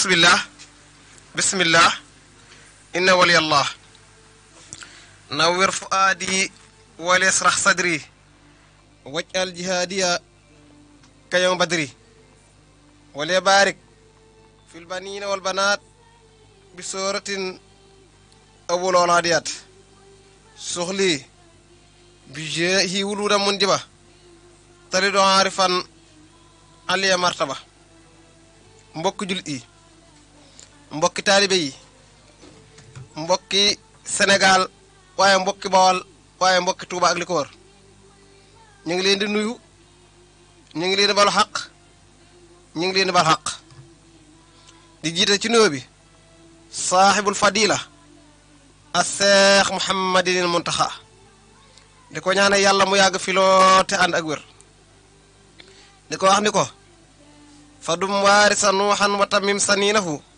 xusbillah bismillah inna waliyallah nawwir fuaadi walisrax sadri waj al jihaadiya badri wale baarik fil banina wal banaat bi sooratin awul olaadiyat suxli bi jeexi wuluuda mundiba tali doon arifan aliya martaba mbokk jul i mbokki taalibe mbokki Sénégal waaye mbokki Bawol waaye mbokki Touba ak li ko wër ñu ngi leen di nuyu ñu ngi leen di balu xaq ñu ngi leen di bal xaq di jiite ci nuyoo bi saaxibul fadila a seex Muhammadinil Muntaxa di ko ñaane yàlla mu yàgg filoo te ànd ak wér di ko wax ni ko fa waari sa nuuxan wa tamim saniinahu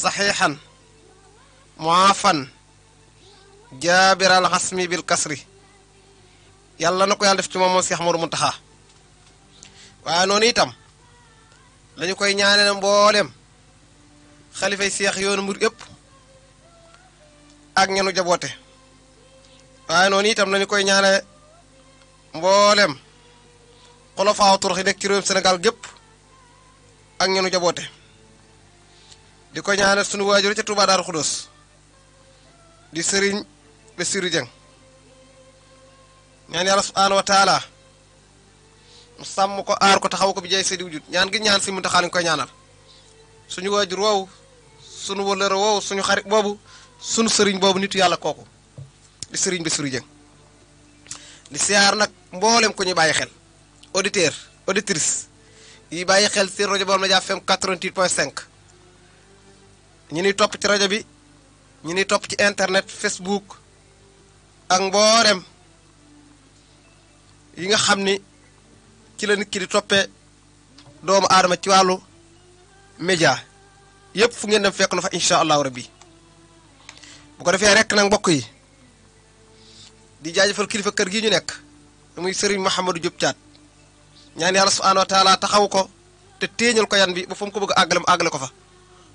saxiixan muaafan jaabiral xasmi bil kasri yàlla na ko yàlla def ci moom moom Seex Axmadu Muntaxa waaye noonu itam lañu koy ñaanale mboolem xalifay seex yoonu mbir yëpp ak ñenu jaboote waaye noonu itam lañu koy ñaanale mboolem xolofaaw turux yi nekk ci réewum Sénégal gépp ak ñenu jaboote di ko ñaanal sunu waajur ca Touba Darou Khoudoss di Serigne Bassirou Dieng ñaan yàlla subhaanahu wa taala sàmm ko aar ko ko bi jaay seedi wujut ñaan gi ñaan si mu taxaal ñu koy ñaanal suñu waajur woowu suñu wëllëra suñu xarit boobu sunu sëriñ boobu nit yàlla kooku di Serigne Bassirou Dieng di siyaar nag mboolem ko ñu bàyyi xel auditeur auditrice yi bàyyi xel seen rajo Baol Medias FM 88.5 ñi ni topp ci rajo bi ñi ni topp ci internet facebook ak mboolem yi nga xam ni ci la nit ki di toppee doomu aadama ci wàllu média yëpp fu ngeen dem fekk na fa incha allahu rabbi bu ko defee rek nag mbokk yi di jaajëfal kilifa kër gi ñu nekk muy Serigne Mouhamadou Diop caat ñaan yàlla subhaanahu wa taala taxaw ko te téeñal ko yan bi ba fa ko bëgg a àggale mu àggale ko fa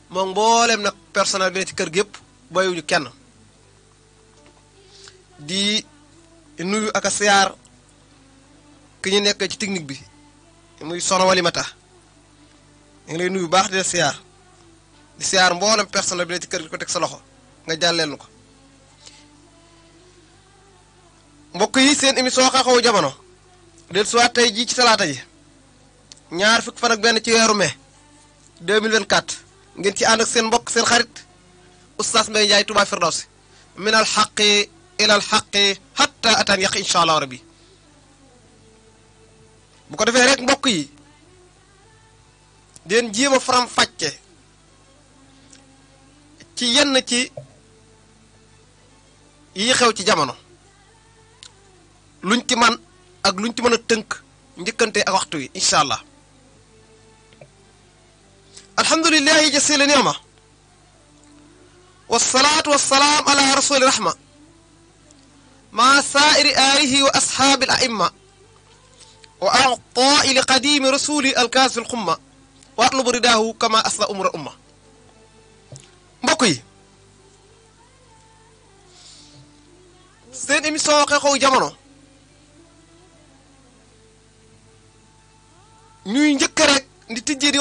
moom mbooleem nag personnel bi ne ci kër gi yëpp bàyyiwuñu kenn di nuyu ak a siyaar ki ñu nekk ci technique bi muy sono walimata da ngi lay nuyu baax di la siyaar di siyaar mboolem personnel bi ne ci kër gi ko teg sa loxo nga jàlleel nu ko mbokk yi seen émission xew-xewu jamono del soit tey jii ci talaata ji ñaar fukk fan benn ci weeru mai 2024 ngeen ci ànd ak seen mbokk seen xarit oustaz Mbaye Ndiaye Touba Firdawsi min al xaqi ila al hatta ataan yàq incha allah rabbi bu ko defee rek mbokk yi den jéem faram fàcce ci yenn ci yi xew ci jamono luñ ci man ak luñ ci mën a tënk njëkkante ak waxtu wi incha allah alhamdulillahi jasila ni'ma wasalaatu wasalaam ala rasuli rahma ma saairi aalihi wa ashaabi aimma wa actaai li qadimi rasuli alkaasi alqumma wa atlubu ridaahu kama asla umra umma mbokk seen émission xew-xewu jamono ñuy njëkk rek di tijjee di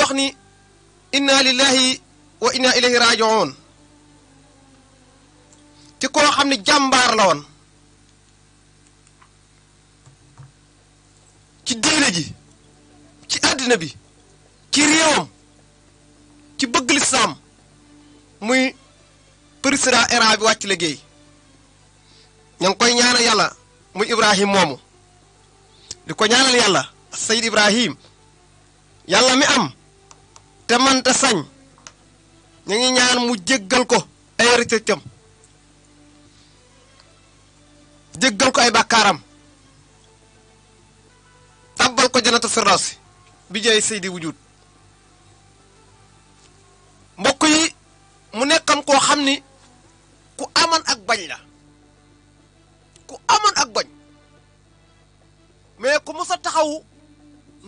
inna lillahi wa inna ilayhi rajiun ci koo xam ne jàmbaar la woon ci diine ji ci àddina bi ci réewam ci bëgg lislaam muy président era bi wàcc liggéey ngi koy ñaanal yàlla muy ibrahim moomu di ko ñaanal yàlla sayid ibrahim yàlla mi am te mënta sañ ñu ngi ñaan mu jéggal ko ay rëccëcam jéggal ko ay bàkkaaram tàbbal ko janatu firdawsi bi jaay seydi wujud mbokk yi mu nekkam koo xam ni ku amoon ak bañ la ku amoon ak bañ mais ku musa taxawu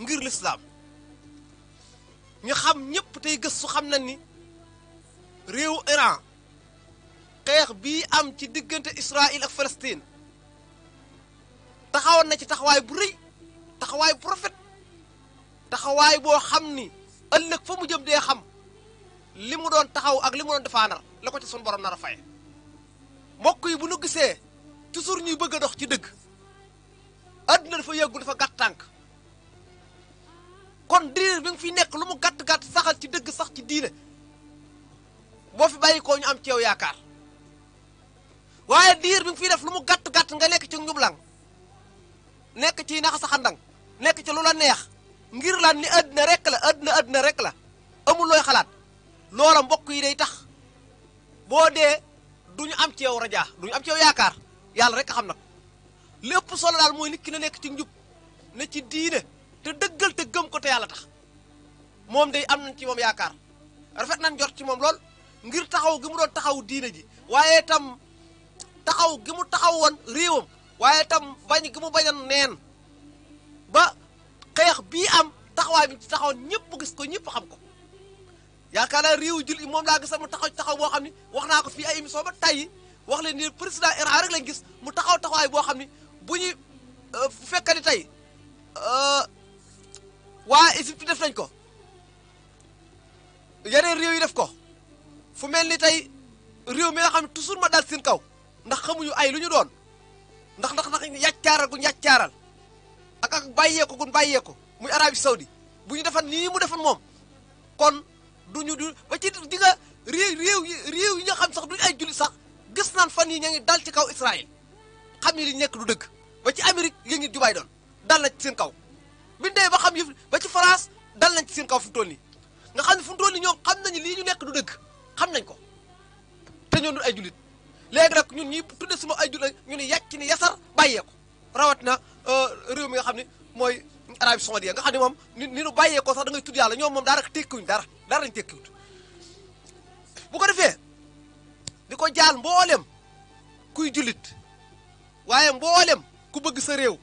ngir lislaam ñu xam ñëpp tey gëstu xam na ni réew Iran xeex bii am ci diggante Israël ak Palestine taxawoon na ci taxawaay bu rëy taxawaay bu rafet taxawaay boo xam ni ëllëg fa mu jëm dee xam li mu doon taxaw ak li mu doon defaanar la ko ci sun borom nar a faye mbokk yi bu nu gisee toujours ñuy bëgg a dox ci dëgg àdduna dafa yëggu dafa gàtt tànk kon diir bi nga fi nekk lu mu gàtt gàtt sax saxal ci dëgg sax ci diine boo fi bàyyi ñu am ceew yaakaar waaye diir bi nga fiy def lu mu gàtt gàtt nga nekk ci njublang nekk ci naxa saxandang nekk ci lu la neex ngir lan ni àddina rek la àddina àddina rek la amul looy xalaat loola mbokk yi day tax boo dee du ñu am ceew rajaa du ñu am ceew yaakaar yàlla rek a xam nag lépp solo daal mooy nit ki la nekk ci njub na ci diine te dëggal te gëm ko te yàlla tax moom de am nañ ci moom yaakaar rafet nañ jot ci moom lool ngir taxaw gi mu doon taxaw diine ji waaye tam taxaw gi mu taxaw woon réewam waaye tam bañ gi mu bañan neen ba xeex bii am taxawaay bi ci taxaw ñëpp gis ko ñëpp xam ko yaakaar naa réewu jul moom laa gis mu taxaw taxaw boo xam ni wax naa ko fii ay émission ba tay wax leen ni président Iran rek lañ gis mu taxaw taxawaay boo xam ni bu ñu euh, fekkee ni tey euh, waa Égypte def nañ ko yeneen réew yi def ko fu mel ni tey réew mi nga xam ne toujours ma dal seen kaw ndax xamuñu ay lu ñu doon ndax ndax ndax yàccaaral guñ yàccaaral ak ak bàyyeeku gun bàyyeeku muy Arabie Saoudi bu ñu defan nii mu defan moom kon duñu du ba ci di nga réew réew yi réew yi nga xam sax duñu ay jullit sax gis naan fan yi ña ngi dal ci kaw Israël xam ni li nekk du dëgg ba ci Amérique yi ngi jubaay doon dal na ci seen kaw bi dee ba xam yëf ba ci France dal nañ ci seen kaw fu mu toll nga xam ne fu mu toll nii xam nañu lii ñu nekk du dëgg xam nañ ko te ñoom du ay julit léegi nag ñun ñi tudde suma ay jullit ñu ne yàcc ni yasar bàyyee ko rawat na euh, réew mi nga xam ne mooy Arabie Saoudite nga xam ne moom ni nu bàyyee ko sax da ngay tudd yàlla ñoom moom daara tekkiwuñ dara dara lañ tekkiwut bu ko defee di ko jaal mboolem kuy julit waaye mboolem ku bëgg sa réew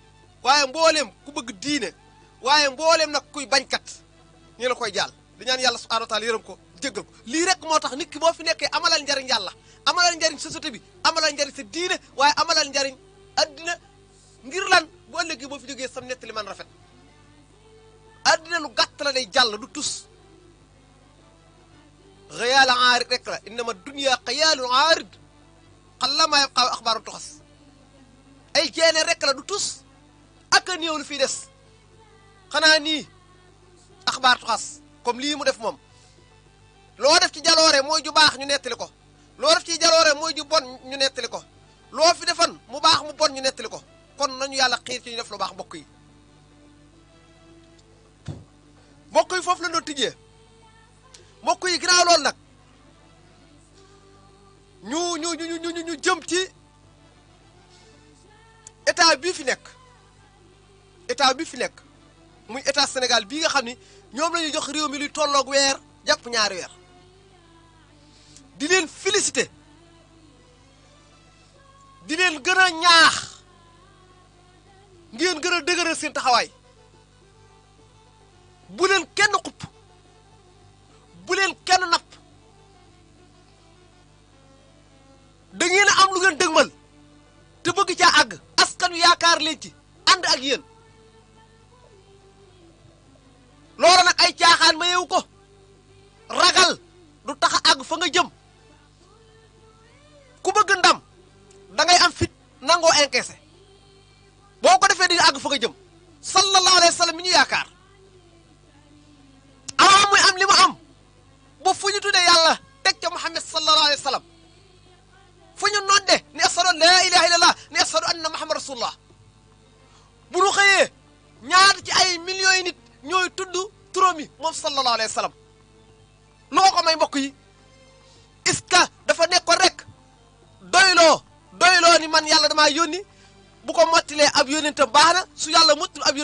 waaye mboolem ku bëgg diine waaye mbooleem nag kuy bañkat ñu la koy jaal di ñaan yàlla subhaana wa taala ko jéggal ko lii rek moo tax nit ki boo fi nekkee amalal njariñ yàlla amalal njariñ société bi amalal njariñ sa diine waaye amalal njariñ addina ngir lan bu ëllëgee fi jógee sam nettali man rafet addina lu gàtt la day jàll du tus xëyaala aarid rek la innama dunia xëyaalu aarid xallama yabqa axbaaru tuxas ay jeene rek la du tus ak a néew lu des xanaa nii axbaar tuxas comme lii mu def moom loo def ci jaloore mooy ju baax ñu nettali ko loo def ci jaloore mooy ju bon ñu nettali ko loo fi defan mu baax mu bon ñu nettali ko kon nañu yàlla xiir ci ñu def lu baax mbokk yi mbokk yi foofu la doon tijjee mbokk yi ginnaaw loolu nag ñu ñu ñu ñu ñu jëm ci état bi fi nekk état bi fi nekk muy état Sénégal bii nga xam ni ñoom la ñuy jox réew mi luy tolloog weer jàpp ñaar weer dileen leen félicité di gën a ñaax ngeen gën a dëgëral seen taxawaay bu leen kenn xupp bu leen kenn napp da ngeen a am lu ngeen dëgmal te bëgg caa àgg askanu yaakaar leen ci ànd ak yéen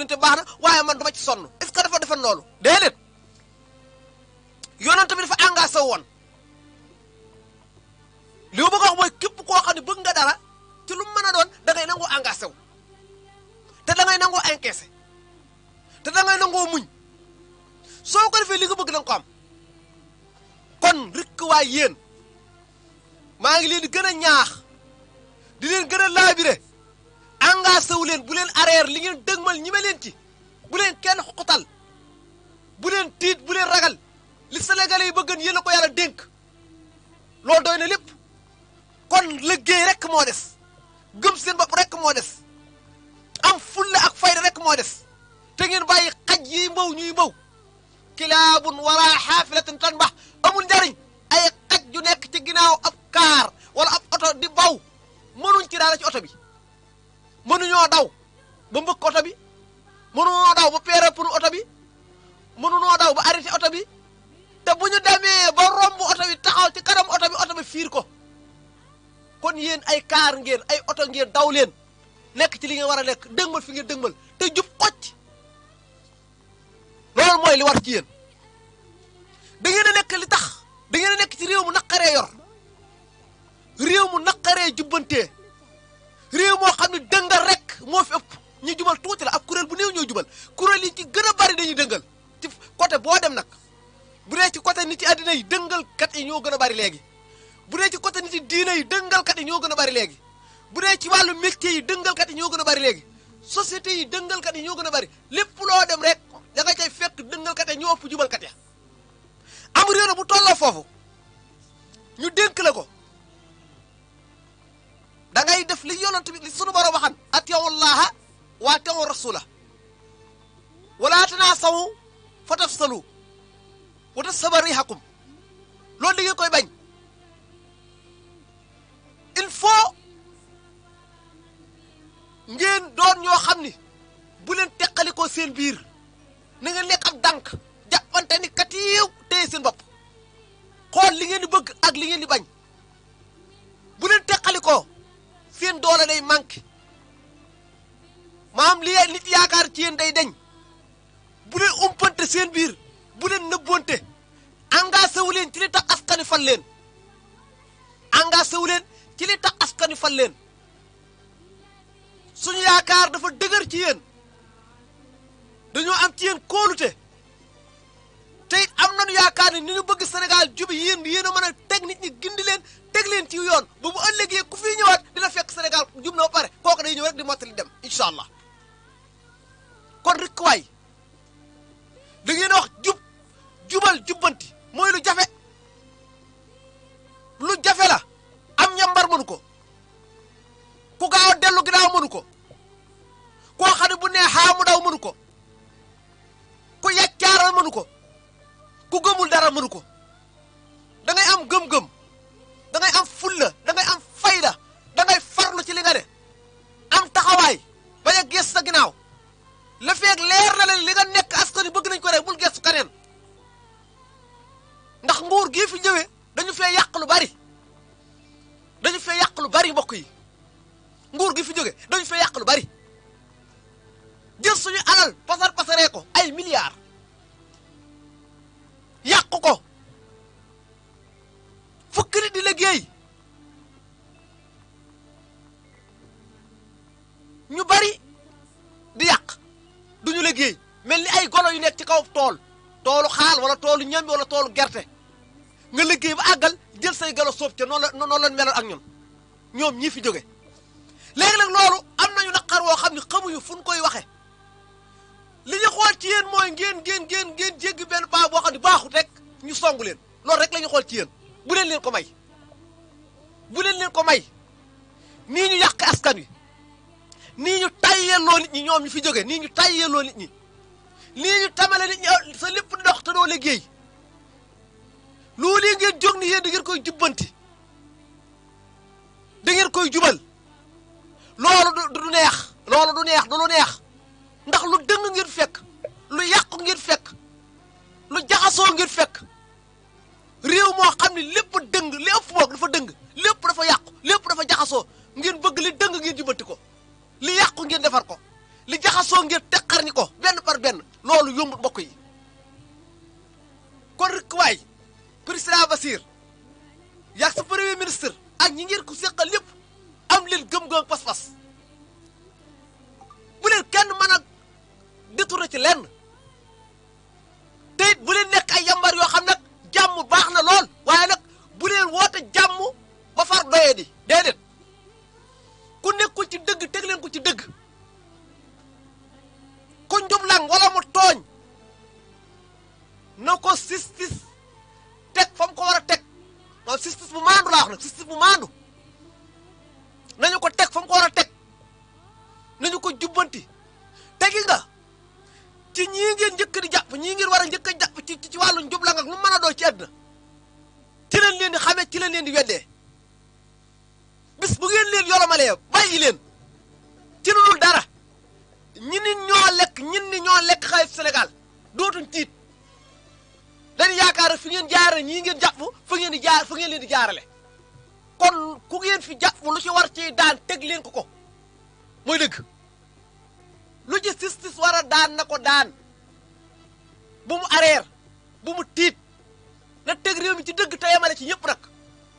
yónnte baax na waaye man dama ci sonn est-ce que dafa defan loolu loolu li war ci yéen da a nekk li tax da ngeen a nekk ci réew mu naqaree yor réew mu naqaree jubbantee réew moo xam ne dëngal rek moo fi ëpp ñu jubal tuuti la ab kuréel bu néew ñoo jubal kuréel yi ci gën a bari dañuy dëngal ci côté boo dem nag bu dee ci côté nit yi àddina yi dëngalkat yi ñoo gën a bari léegi bu dee ci côté nit yi diine yi dëngalkat yi ñoo gën a bari léegi bu dee ci wàllu métier yi dëngalkat yi ñoo gën a bari léegi société yi dëngalkat yi ñoo gën a bari lépp loo dem rek da nga cay fekk dëngalkat ya ñoo ëpp jubalkat ya am réew bu tolloo foofu ñu dénk la ko da ngay def li yonent bi li sunu borom waxan atiwu llaha wa atiwu rasula wala tanaasaw fa tafsalu wa tasaba rihakum loolu da ngeen koy bañ il faut ngeen doon ñoo xam ni bu leen teqalikoo seen biir na ngeen lekk ak dànk jàppante ni kat yiw téye seen bopp xool li ngeen di bëgg ak li ngeen di bañ bu leen teqalikoo seen doole day manqué maam li nit yaakaar ci yéen day deñ bu leen umpante seen biir bu leen nëbbonte engagé wu leen ci li tax askani fal leen engagé wu leen ci li tax askani fal leen suñu yaakaar dafa dëgër ci yéen dañoo am ci yéen kóolute te it am nañu yaakaar ni ñu bëgg Sénégal jubi yéen yéen a mën a teg nit ñi gindi leen teg leen ci yoon ba bu ëllëgee ku fi dina fekk senegal jub na ba pare kooku day ñëw rek di mottali dem incha allah kon rek waay da wax jub jubal jubbanti mooy lu jafe lu jafe la am ñambar mënu ko ku gaaw dellu ginnaaw mënu ko koo xam bu nee mu daw mënu ko ku yaccaaral mënu ko ku gëmul dara mënu ko da am gëm-gëm da am fulla da ngay am fayda da ngay farlu ci li nga ne am taxawaay bañ a gees sa ginnaaw la feeg leer na leen li nekk askan wi bëgg nañ ko rek bul geesu keneen ndax nguur gii fi ñëwee dañu fee yàq lu bari dañu fee yàq lu bari mbokk yi nguur gi fi jóge dañu fee yàq lu bari jël suñu alal pasar pasaree ko ay milliards yàq ko fukki nit di liggéey ñu bari di yàq ñu liggéey mel ni ay golo yu nekk ci kaw tool toolu xaal wala toolu ñambi wala toolu gerte nga liggéey ba àggal jël say galo soob ca noonu la noonu lañ ak ñun ñoom ñii fi jóge léegi nag loolu am nañu naqar woo xam ne xamuñu fu ñu koy waxe li ñu xool ci yéen mooy ngeen ngeen ngeen ngeen jéggi benn baa boo xam ne baaxut rek ñu songu leen loolu rek la ñu xool ci yéen bu leen leen ko may bu leen leen ko may nii ñu yàq askan wi nii ñu tayyeloo nit ñi ñoom ñu fi jóge nii ñu tayyeloo nit ñi nii ñu tamale nit ñi sa lépp dox te doo liggéey loolu yi ngeen jóg ni yéen da ngeen koy jubbanti da ngeen koy jubal loolu du neex loolu du neex du neex ndax lu dëng ngir fekk lu yàqu ngir fekk lu jaxasoo ngir fekk réew moo xam ne lépp dëng li ëpp dafa dëng lépp dafa yàqu lépp dafa jaxasoo ngir bëgg li dëng ngeen jubati ko li yàqu ngeen defar ko li jaxasoo ngeen teqar ñi ko benn par benn loolu yombul mbokk yi kon rek waay président Basir yaag sa ministre ak ñi ngeen ku seqal lépp am leen gëm-gëm pas-pas bu kenn mën na ci lenn te it bu leen nekk ay yambar yoo xam nag jàmm baax na lool waaye nag bu leen woote jàmm ba far doyee di déedéet ku nekkul ci dëgg teg leen ko ci dëgg ku njublang wala mu tooñ na ko sistis teg fa ko war a teg waaw sistis bu maandu laa wax nag sistis bu maandu nañu ko teg fa ko war a teg nañu ko jubbanti tegi nga ci ñii ngeen njëkk di jàpp ñii ngeen war a njëkk a ci ci wàllu njub la nga lu mën a doo ci àdduna leen leen di xamee ci leen leen di weddee bis bu ngeen leen yolomalee bàyyi leen ci lu dara ñi ni lekk ñin ni ñoo lekk xaalis Sénégal dootuñ tiit dañu yaakaar fi ngeen jaarale ñii ngeen jàpp fa ngeen di jaar fa ngeen leen di jaarale kon ku ngeen fi jàpp lu ci war ci daan teg leen ko ko mooy dëgg lu ci justice war a daan na ko daan bu mu areer bu mu tiit na teg ci dëgg te yemale ci ñëpp nag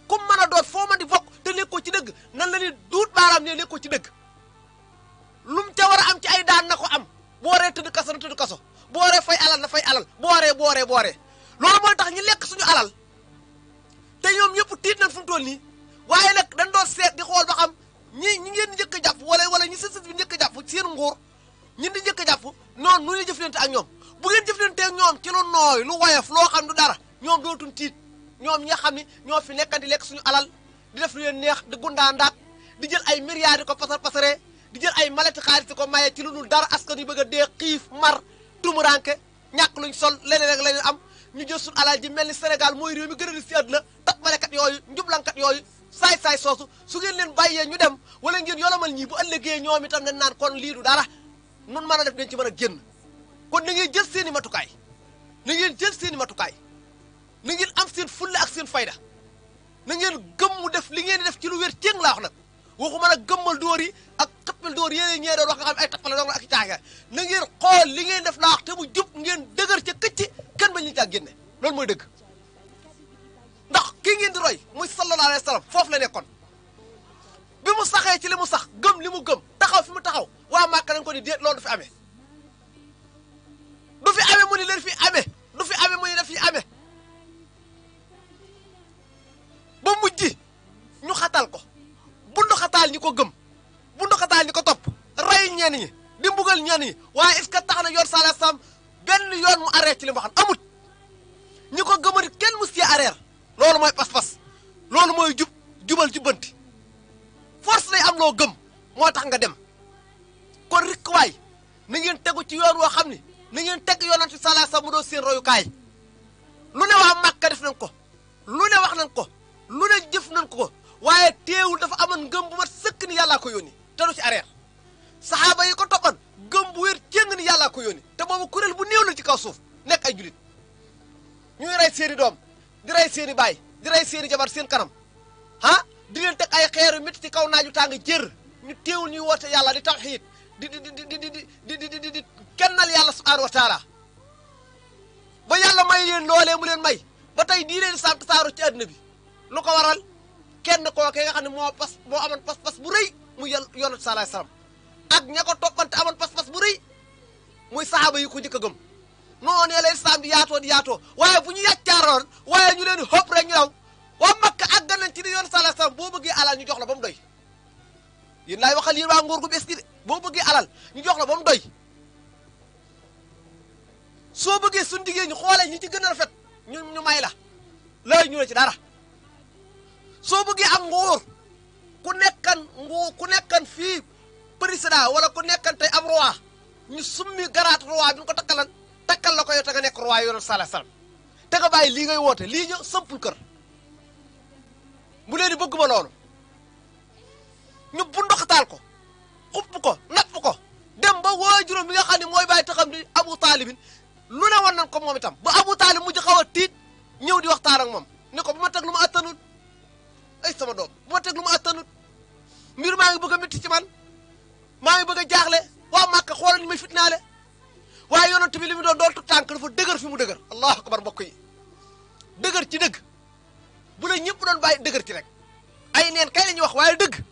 ku mën a doon foo mën di bokk te lekkoo ci dëgg nan la ni duut baaraam ne lekkoo ci dëgg lum ca war am ci ay daan na ko am boo waree tëdd kaso na tëdd kaso boo waree fay alal na fay alal boo waree boo waree loolu mooy tax ñu lekk suñu alal te ñoom ñëpp tiit nañ fu mu toll nii waaye nag dañ doon seet di xool ba xam ñi ñi ngeen njëkk a jàpp wala wala ñi sës njëkk a jàpp seen nguur ñun di njëkk a jàpp noonu nu ñu jëflante ak ñoom bu ngeen jëflante ak ñoom ci lu nooy lu woyof loo xam du dara ñoom dootuñ tiit ñoom ñi xam ne ñoo fi nekkandi lekk suñu alal di def lu leen neex di gundaandaat di jël ay milliards di ko pasar pasaree di jël ay malati xaalis di ko maye ci lu dul dara askan yu bëgg a dee xiif mar tumuranke ñàkk luñ sol leneen ak leneen am ñu jël suñu alal ji mel ni Sénégal mooy réew mi gën a lis ci àdduna tapalekat yooyu njublankat yooyu saay-saay soosu su ngeen leen yee ñu dem wala ngeen yolomal ñii bu ëllëgee ñoom itam nañ naan kon lii dara nun mën a def dañ ci mën a génn kon na ngeen jël seen i matukaay na ngeen jël seen i matukaay na ngeen am seen fulla ak seen fayda na ngeen gëm mu def li ngeen def ci lu wér ceeb laa wax nag waxuma nag gëmmal dóor yi ak xëppal dóor yéeneen ñee doon wax nga xam ay tappale doon ak i caaga na ngeen xool li ngeen def laa wax te mu jub ngeen dëgër ca këcc kenn bañ ñu caa génne mooy dëgg ndax kii ngeen di roy muy sallallahu alayhi foofu la nekkoon. bi mu saxee ci li mu sax gëm li mu gëm taxaw fi mu taxaw waa Màkka dañ ko ni déet loolu du fi amee du fi amee mu ni leen fi amee du fi amee mu ni daf fi amee ba mujj ñu xatal ko bundu xataal ñi ko gëm bundu xataal ñi ko topp rey ñenn ñi di mbugal ñenn ñi waaye est-ce tax na yor salaasam benn yoon mu arrêté ci li mu waxoon amut ñi ko gëm tax nga dem kon rek waay na ngeen tegu ci yoon woo xam ne na ngeen teg yoonante sala sa mu doon seen royukaay lu ne waa Màkka def nañ ko lu ne wax nañ ko lu ne nañ ko waaye teewul dafa amoon ngëm bu mat sëkk ni yàllaa ko yónni te du ci arrière saxaaba ko toppoon gëm bu wér cëng ni te boobu kuréel bu néew la ci kaw suuf nekk ay julit ñuy rey seeni doom di rey seeni baay di rey seeni jabar seen kanam ah di leen teg ay xeeru mit ci kaw naaju tàng jër ñu teewul ñuy woote yàlla di tawxiid di di di di di di di kennal yàlla subhaanahu wa taala ba yàlla may leen loolee mu leen may ba tey diine lislaam tasaaru ci àdduna bi lu ko waral kenn kooke nga xam ne moo pas moo amoon pas-pas bu rëy muy yonent salaay salaam ak ña ko toppante amoon pas-pas bu rëy muy saxaaba yi ko njëkk a gëm noonee la lislaam di yaatoo di yaatoo waaye bu ñu yàccaaroon waaye ñu leen xëpp rek ñu daw waa makka àgg nañ ci ni yonent salaay salaam boo bëggee alal ñu jox la ba mu doy yéen laay waxal yéen waa nguur gu bees gi de boo bëggee alal ñu jox la ba soo bëggee suñu liggéey ñu xoolee ñi ci gën a rafet ñu ñu may la laaj ñu la ci dara soo bëggee am nguur ku nekkan nguur ku nekkan fii président wala ku nekkan tey am roi ñu summi garaat roi bi ñu ko takkalan takkal la ko yow te nga nekk roi yoonal sala salam te nga bàyyi lii ngay woote lii ñu sëmpul kër mu leen di bëgguma loolu ñu bundoxtaal ko xupp ko napp ko dem ba waajuram bi nga xam ne mooy bàyyi taxam di Abu Taalibin lu ne woon nañ ko moom itam ba Abu Taalib mujj xaw a tiit ñëw di waxtaan ak moom ne ko bu ma teg lu ma attanut ay sama doom bu lu ma attanut mbir maa ngi bëgg a métti ci man maa ngi bëgg a jaaxle waa Màkka xoolal ñu may fitnaale waaye yonent bi li mu doo dool tu tànk dafa dëgër fi mu dëgër allahu akbar mbokk yi dëgër ci dëgg bu la ñëpp doon bàyyi dëgër ci rek ay neen kay la ñuy wax waaye dëgg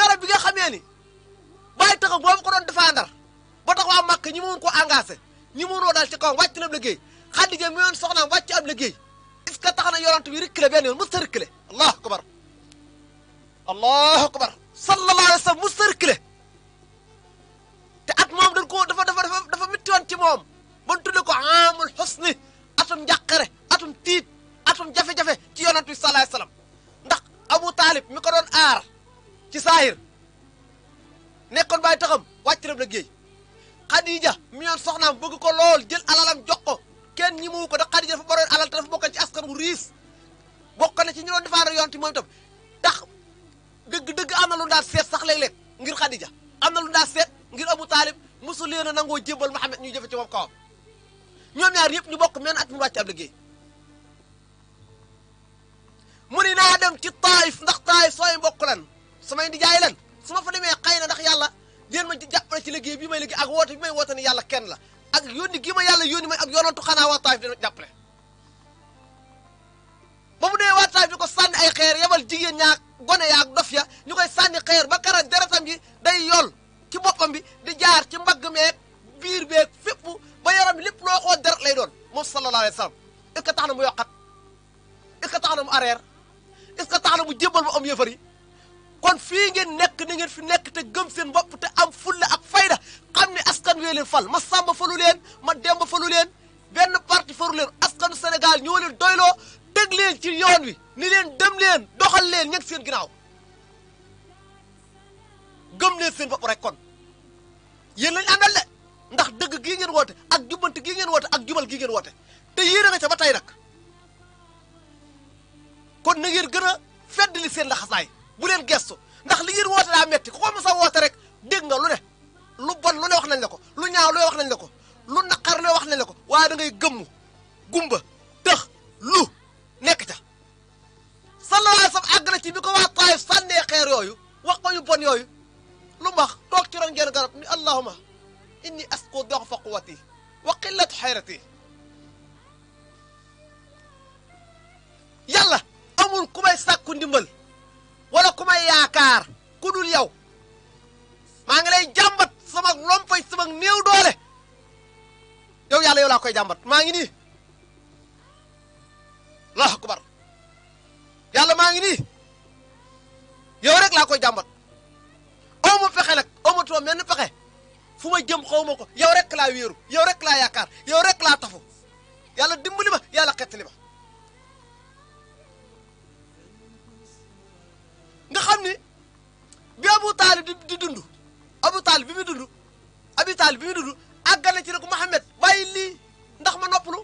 kara bi nga xamee ni bàyyi taxaw boobu ko doon défendre ba tax waa màkk ñi mun ko engagé ñi munoo daal ci kawam wàcc na ab liggéey Xadija mi woon soxnaam wàcc ab liggéey est-ce que tax na yorante bi reculé benn yoon mës ta reculé allahu akbar allahu akbar sallallahu alayhi wa sallam mës ta dañ ko dafa dafa dafa dafa métti woon ci moom ba ko amul xusni atum njàqare atum tiit atum jafe-jafe ci yonent bi sallallahu alayhi wa ndax Abu Taalib mi doon aar ci saahir nekkoon bàyyi taxam wàcc rab la géey Khadija mi yoon soxnaam bëgg ko lool jël alalam jox ko kenn ñi mu ko da Khadija dafa boroon alal te dafa bokkoon ci askan wu riis bokk na ci ñu doon defaana yoon ti moom tam tax dëgg dëgg am na lu daan seet sax léeg-léeg ngir Khadija am na lu daan seet ngir Abu Taalib mosu leen a nangoo jébbal Muhammad ñuy jëfe ci moom kawam ñoom ñaar yëpp ñu bokk men at mu wàcc ab mu ni naa dem ci Taayif ndax Taayif sooy mbokk lan samay ndijaay lan su ma fa demee xëy na ndax yàlla leen ma jàppale ci liggéey bi may liggéey ak woote bi may woote ne yàlla kenn la ak yónni gi ma yàlla yónni may ak yonantu xanaa waa taayif dina jàppale ba mu dee waa taayif di ko sànni ay xeer yebal jigéen ñaa gone yaa ak dof ya ñu koy sànni xeer ba kara deretam yi day yool ci boppam bi di jaar ci mbagg meeg biir beeg fépp ba yaram lépp loo xoo deret lay doon moom sallallahu alayhi wa sallam est-ce que tax na mu yokkat est-ce que tax na mu areer est-ce que tax na mu jébbal ma am yëfar yi kon fii ngeen nekk ni ngeen fi nekk te gëm seen bopp te am fulla ak fayda xam ne askan wee leen fal ma sàmba falu leen ma demba falu leen benn parti falu leen askanu senegal ñoo leen doyloo teg leen ci yoon wi ni leen dem leen doxal leen ñeg seen ginnaaw gëm leen seen bopp rek kon yéen lañ àndal ndax dëgg gii ngeen woote ak jubbante gii ngeen woote ak jubal gii ngeen woote te yéen a ca ba tey nag kon na ngeen gën a feddali seen laxasaay bu leen gestu ndax li ngeen woote daa metti ko ma sa woote rek dégg nga lu ne lu bon lu ne wax nañ la ko lu ñaaw lu ne wax nañ la ko lu naqar ne wax nañ la ko waaye da ngay gëmm gumba tëx lu nekk ca sallallahu alayhi wa sallam àgg na ci bi ko waa Taayif sànnee yooyu wax ko yu bon yooyu lu max toog ci ron genn garab ni allahuma inni asqu du'fa quwwati wa qillatu hayrati yàlla amul ku may sàkku ndimbal ku may yaakaar ku dul yow maa ngi lay jàmbat sama lompoñ sama néew doole yow yàlla yow laa koy jàmbat maa ngi ni allahu akbar yàlla maa ngi ni yow rek laa koy jàmbat aw ma fexe nag aw ma tuuma menn fexe fu ma jëm xaw ma ko yow rek laa wéeru yow rek laa yaakaar yow rek laa tafu yàlla dimbali ma yàlla xettali ma nga xam ni bi Abu Taalib di dund Abu Taalib bi mu dund Abi Taalib bi mu dund àggale ci rek Mouhamed bàyyi lii ndax ma noppalu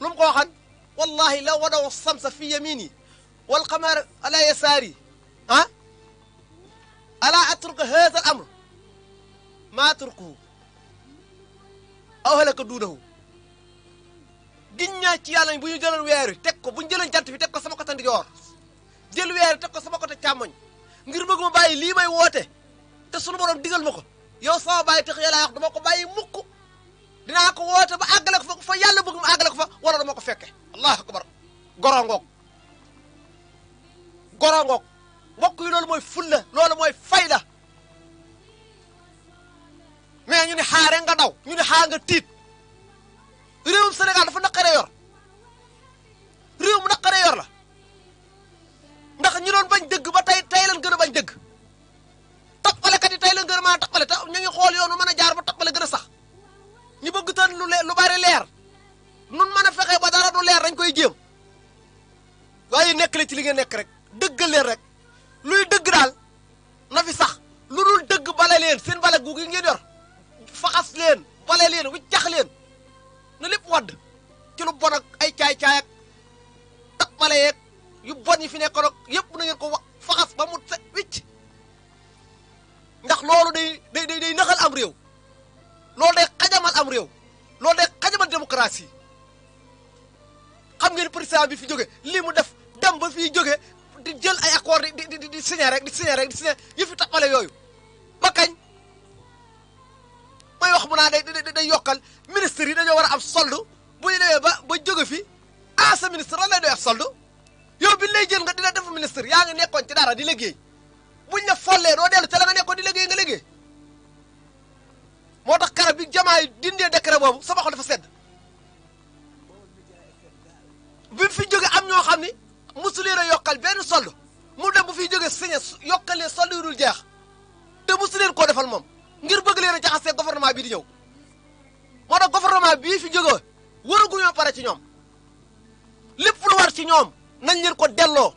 lu mu ko waxan wallahi la wadaw samsa fi yamini wal qamar ala yasaari ah ala atruka hada al amr ma atrukuhu aw halaka duunahu giñ ñaa ci yàlla bu ñu jëloon weer wi ko bu ñu jëloon jant bi teg ko sama ko joor jël weer teg ko sama côté càmmoñ ngir bëgg ma bàyyi lii may woote te sunu borom digal ma ko yow sama bàyyi tax yàlla wax dama ko bàyyi mukk dinaa ko woote ba àggale ko fa fa yàlla bëgg mu àggale ko fa wala dama ko fekke allahu akbar gorongoog gorongoog mbokk yi lool mooy fulla loolu mooy fayda mais ñu ni xaare nga daw ñu ni xaar nga tiit réewum Sénégal dafa naqaree yor réew mu naqaree yor la ndax ñu doon bañ dëgg ba tey tey lan gën a bañ dëgg tappalekat yi tey lan gën a mën a tappale te ñu ngi xool yoonu mën a jaar ba tappale gën a sax ñu bëgg tan lu lu bari leer nun mën a fexe ba dara du leer dañ koy jéem waaye nekk le ci li ngeen nekk rek dëggal leen rek luy dëgg daal na sax lu dul dëgg bale leen seen bale gu gi ngeen yor faxas leen bale leen wiccax leen na lépp wadd ci lu bon ak ay caay-caay tappale yeeg yu bon yi fi nekkoon ak yëpp na ngeen ko wax faxas ba mu set wicc ndax loolu day day day day naxal am réew loolu day xajamal am réew loolu day xajamal démocratie xam ngeen président bi fi jóge lii mu def dem ba fii jóge di jël ay accord di di di signé rek di signé rek yi fi yëfi tappale yooyu ba kañ may wax mu naa day day yokkal ministre yi dañoo war a am solde bu ñu demee ba ba jóge fi ah sa ministre lan lay doy ab yow bi lay jël nga dina def ministre yaa ngi nekkoon ci dara di liggéey buñ la follee doo dellu ca la nga nekkoon di liggéey nga liggéey moo tax kara bi jamaay dindee décret boobu sama xol dafa sedd bi fi jóge am ñoo xam ni mosu leen a yokkal benn sold mu dem bu fiy jóge signé yokkalee sold yu dul jeex te mosu leen koo defal moom ngir bëgg leen a jaxasee gouvernement bi di ñëw moo tax gouvernement bii fi jóge waraguñoo pare ci ñoom lépp lu war nañ leen ko delloo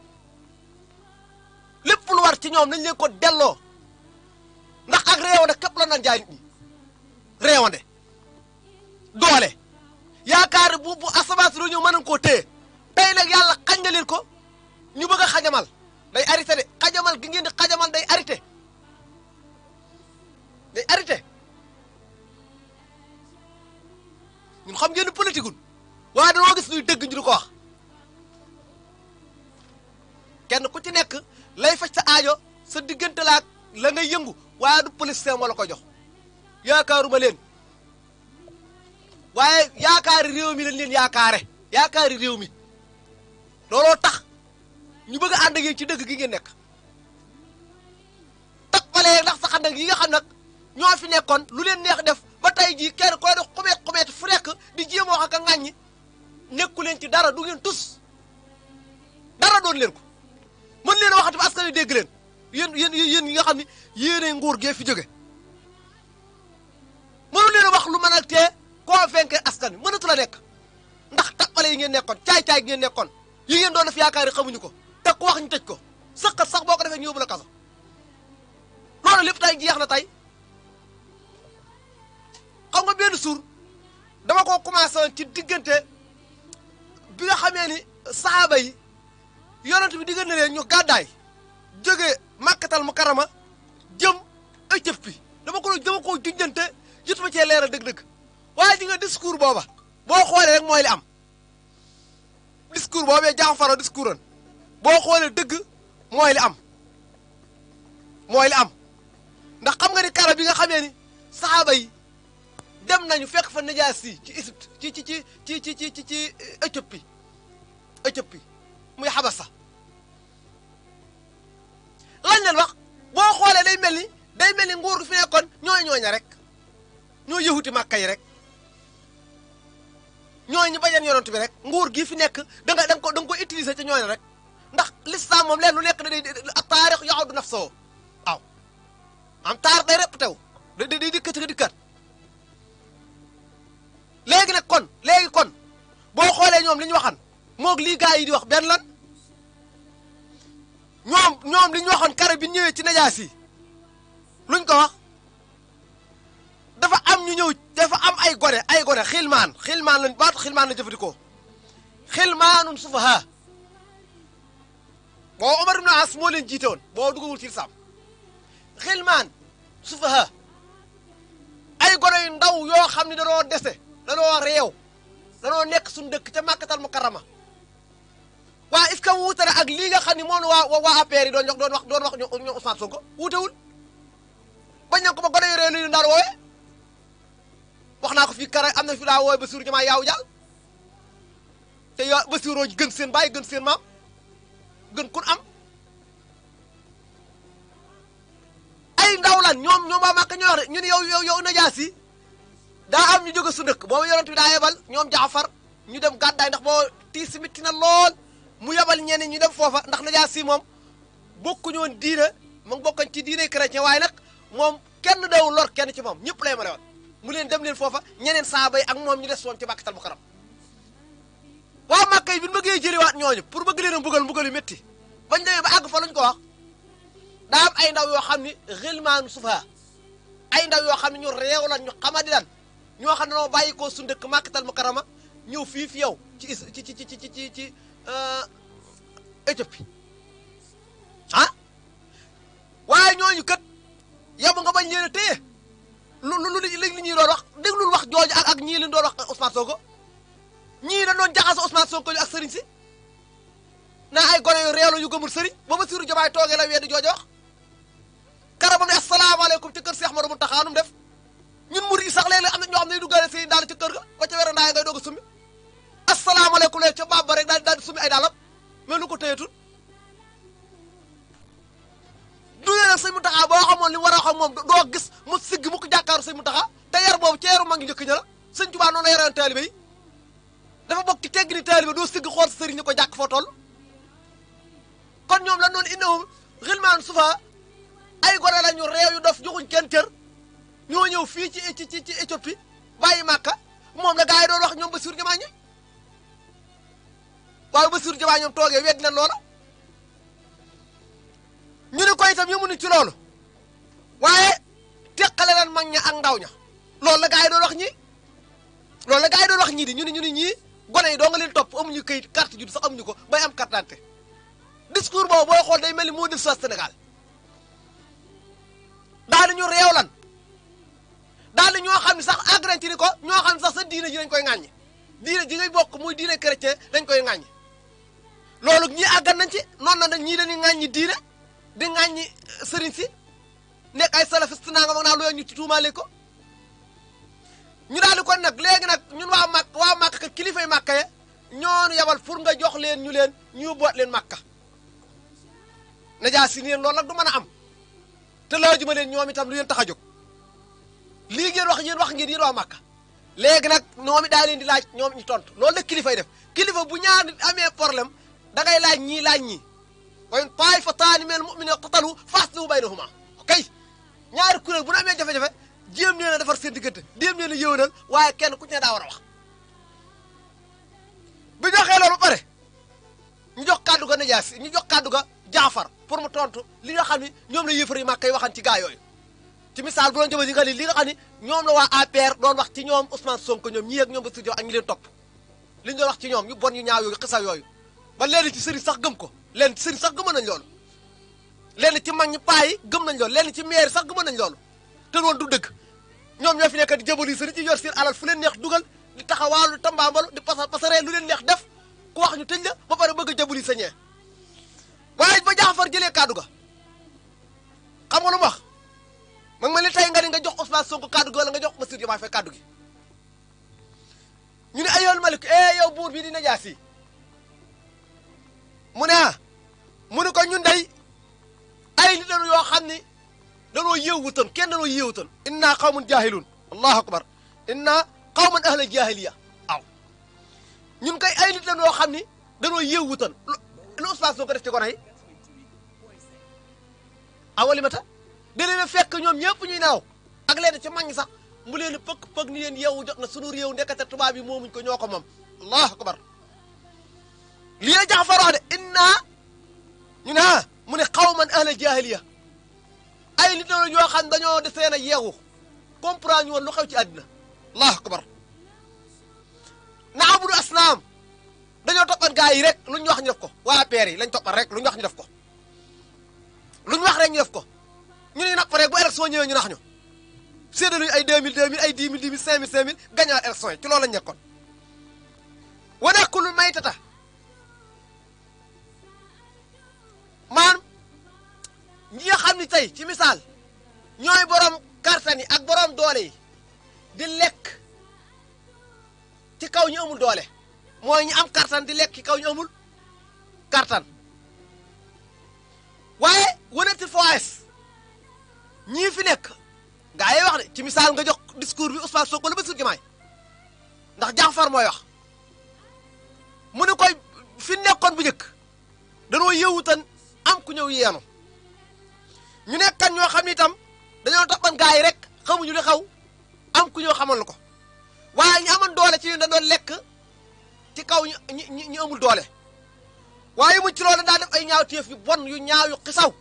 lépp lu war ci ñoom nañ leen ko delloo ndax ak réewande képp la nan jaay nit ñi réewande doole yaakaar bu bu asamaan si ñëw mën nañ koo téye tey nag yàlla xañ na ko ñu bëgg a xajamal day arrêté de xajamal gi ngeen di xajamal day arrêté day arrêté ñun xam ngeen ni politique wul waaye dañoo gis luy dëgg ñu di ko wax. kenn ku ci nekk lay faj sa aajo sa diggante laak la ngay yëngu waaye du policier moo la ko jox yaakaaruma leen waaye yaakaari réew mi lañ leen yaakaare yaakaari réew mi looloo tax ñu bëgg a ànd ak ci dëgg gi ngeen nekk takkalee ndax sa xam nag yi nga xam nag ñoo fi nekkoon lu leen neex def ba tey jii kenn koy def xumeet xumeet fu nekk di jéem a wax ak a ŋàññi nekku leen ci dara du ngeen tus dara doon leen ko mën leen a waxati ba askan wi dégg leen yéen yéen yéen yi nga xam ne yéenay nguur gee fi jóge mënu leen a wax lu mën a tee convaincre askan wi mënatu la nekk ndax tappale yi ngeen nekkoon caay-caay yi ngeen nekkoon yi ngeen doon def yaakaar yi xamuñu ko te ku wax ñu tëj ko sëqat sax boo ko defee ñu yóbbu la kaso loolu lépp tey jeex na tey xam nga benn suur dama ko commencé ci diggante bi nga xamee ni saxaaba yi yonent bi digal na leen ñu gàddaay jóge màkkatal mu karama jëm Éthiopie dama ko dama koo junjante jot ma cee leeral dëgg-dëgg waaye di nga discours booba boo xoolee rek mooy li am discours boobu jaaxu faro discours boo xoolee dëgg mooy li am mooy li am ndax xam nga ni kara bi nga xamee ni saxaaba yi dem nañu fekk fa najaas yi ci Égypte ci ci ci ci ci ci ci Éthiopie Éthiopie muy xabasa lañ leen wax boo xoolee day mel ni day mel ni nguur gi fi nekkoon ñooy ñooña rek ñoo yëhuti màkka yi rek ñooñu bañeen yonent bi rek nguur gi fi nekk danga nga da nga ko da ci ko utiliser rek ndax l'islam moom leen lu nekk da day ak taarix yaxudu naf soo waaw am taar day rëpp tew da day dikkat nga dikkat léegi nag kon léegi kon boo xoolee ñoom li ñu waxan moog lii gars yi di wax benn lan ñoom ñoom li ñu waxoon kare bi ñëwee ci najaas yi luñ ko wax dafa am ñu ñëw dafa am ay gone ay gone xilmaan xilmaan lañ baatu xilmaan lañ jëfandikoo xilmaanum sufaha boo Omar ibn As moo leen jiite woon boo duggagul ci lislaam xilmaan sufaha ay gone yu ndaw yoo xam ni danoo dese danoo réew danoo nekk suñu dëkk ca màkkatal mukarrama waaw est-ce ak lii nga xam ne moom la waa waa APR yi doon jox doon wax doon wax ñoom Ousmane Sonko wuutewul bañ ko ba gone yu réew lu ndar woowee wax naa ko fii kara am na fi laa woowee ba suur jamaa yaaw jàll te yow ba suuroo gën seen baay gën seen maam gën kun am ay ndaw lan ñoom waa Màkka ñoo wax de ñu ne yow yow yow Najaasi daa am ñu jóge su dëkk boobu yonent bi daa yebal ñoom Jaafar ñu dem gàddaay ndax boo tiis si métti na lool mu yabal ñenn ñu dem foofa ndax Najaasi moom bokkuñu woon diina mu ngi bokkoon ci diine chrétien waaye nag moom kenn dawul lor kenn ci moom ñëpp lay male woon mu leen dem leen foofa ñeneen saaba yi ak moom ñu des woon ci bàkkatal mukarram waa Màkka yi bi ñu bëggee jëliwaat ñooñu pour bëgg leen a mbugal mbugal yu métti bañ ba àgg fa luñ ko wax daa am ay ndaw yoo xam ni xilmaanu sufa ay ndaw yoo xam ne ñu réew lan ñu di lan ñoo xam ne dañoo bàyyi koo suñu dëkk màkkatal mukarrama ñëw fii fi yow ci ci ci ci ci ci Uh, Éthiopie ah waaye ñooñu kat yow nga bañ leen a téye lu lu lu li ñuy doon wax déglul wax jooju ak ak ñii leen doon wax Ousmane Sonko ñii dañ doon jaxase Ousmane Sonko ñu ak Serigne si naa ay gone yu réew yu gëmul Serigne ba Bassirou Diomaye toogee la weddi jooju wax kara ba ne asalaamaaleykum ci kër Cheikh Modou Mountakha nu mu def ñun murid yi sax léeg-léeg am na ñoo xam ne ñu duggaale seen daal ci kër ga ba ca weeru ngay doog a summi asalaamaaleykum la ca baab ba rek daal ay daalam mais lu ko tëyatul du ne nag sëñ Muntaxa boo xamoon li mu war a wax ak moom doo gis mu sigg mu ko jàkkaaru sëñ Muntaxa te yar boobu ci yaru mag njëkk ña la sëñ Tuubaa noonu la yaroon dafa bokk tegg ni taalibe doo sigg xool sa sëriñ ko jàkk foo toll kon ñoom lan noonu innahum xilmaan sufa ay gore la ñu réew yu dof joxuñ kenn cër ñoo ñëw fii ci ci ci Éthiopie bàyyi Màkka moom la gars yi doon wax ñoom ba sur ñamaa ñi waaye Bassirou Diomaye ñoom toogee weddi na loola ñu ne ko itam yëmu ci loolu waaye teqale lan mag ña ak ndaw ña loolu la gaa yi ñi loolu la gaa yi doon wax ñii di ñu ne ñu ne ñii gone yi doo nga leen topp amuñu kayit carte juddu sax amuñu ko bay am carte d'identité discours boobu booy xool day mel ni moo def sa Sénégal daal di ñu réew lan daal di ñoo xam ne sax agranti ni ko ñoo xam sax sa diine ji dañ koy ŋàññi diine ji ngay bokk muy diine chrétien dañ koy ŋàññi loolu ñii àggan nañ ci noonu la nag ñii dañuy ŋàññi diine di ŋàññi euh, sëriñ si nekk ay salafiste naa nga mag naa looyoo ñu tuumaale ko ñu daal di kon nag léegi nag ñun waa màkk waa màkk ka kilifa yi màkka ya ñoonu yabal pour nga jox leen ñu leen ñu boot leen màkka najaasi neen loolu nag du mën a am te laajuma leen ñoom itam lu leen tax a jóg lii ngeen wax yéen wax ngeen yéen waa màkka léegi nag ñoom it daa leen tontu loolu kilifa yi def kilifa bu ñaar amee problème da ngay laaj ñii laaj ñii wa in taifataani minal mu'miniina iqtatalu faslihu baynahuma kay ñaar kuréel bu na amee jafe-jafe jéem nee na defar seen diggante jéem nee na yëwanal waaye kenn ku ci ne daa war a wax bi joxee loolu ba pare ñu jox kàddu ga najaas ñu jox kàddu ga jaafar pour mu tontu li nga xam ni ñoom la yëfar yi màkk yi waxan ci gaa yooyu ci misaal bu doon jëma yi nga li nga xam ni ñoom la waa APR doon wax ci ñoom Ousmane Sonko ñoom ñi ak ñoom ba studio ak ñi leen topp li ñu wax ci ñoom ñu bon ñu yooyu ba leen ci sëriñ sax gëm ko leen ci sëriñ sax gëma nañ loolu leen ci mag ñi paa yi gëm nañ loolu leen ci meer sax gëma nañ loolu te woon du dëgg ñoom ñoo fi nekk di jëbal yi sëriñ ci yor seen alal fu leen neex dugal di taxawaalu di tambaambalu di pasar pasaree lu leen neex def ku wax ñu tëj la ba pare bëgg a jëbal yi sa ñee waaye ba jaxafar jëlee kaddu xam nga lu wax ma ngi mel ni tey nga ne nga jox Ousmane Sonko kaddu gi wala nga jox Bassirou Diomaye Faye kaddu gi ñu ne ayool malik eh yow buur bii di najaas yi mu ne ah, mu ne ko ñun day ay nit lañu yoo xam ni danoo yéewutan kenn danoo yéewutan inna qawmun jaahiluun allahu akbar inna qawmun ahla jaahiliya aw ñun kay ay nit lañu yoo xam ni danoo yéewutan lu ustaas doo ko def ci gone yi awali mata da leen a fekk ñoom ñëpp ñuy naaw ak leen ci mag ñi sax mu leen ni pëkk ni leen yeewu jot na sunu réew ndekete tubaab yi moomuñ ko ñoo ko moom allahu akbar lii la jaxafar wax de innaa ñu ne ah mu ne xawman ahla jaahiliya ay nit la ñoo xam dañoo deseen a yeewu comprendre ñu woon lu xew ci àddina allahu akbar naabudu asnaam dañoo toppat gaa yi rek lu ñu wax ñu def ko waa peer yi lañ toppat rek lu ñu wax ñu def ko lu ñu wax rek ñu def ko ñu ne napp rek bu élection ñëwee ñu nax ñu séddaluñu ay 2000 2000 ay 10 000 10 000 5000 5000 gañaal élection yi ci loolu lañ nekkoon wa nakulu maytata maanaam ñi xam ni tey ci misaal ñooy borom kartan yi ak borom doole yi di lekk ci kaw ñu amul doole mooy ñu am kartan di lekk ci kaw ñu amul kartan waaye wanati foes ñii fi nekk gaa yi wax de ci misaal nga jox discours bi Ousmane Sonko la Bassirou Diomaye ndax Jaafar mooy wax mu ne koy fi nekkoon bu njëkk danoo yëwutan am ku ñëw yeenu ñu nekkan ñoo xam itam dañoo toppan gaa yi rek xamuñu li xaw am ku ñëw xamal ko waaye ñu amoon doole ci ñu da lekk ci kaw ñu ñu amul doole waaye mu ci loolu daa def ay ñaaw téef yu bon yu ñaaw yu xisaw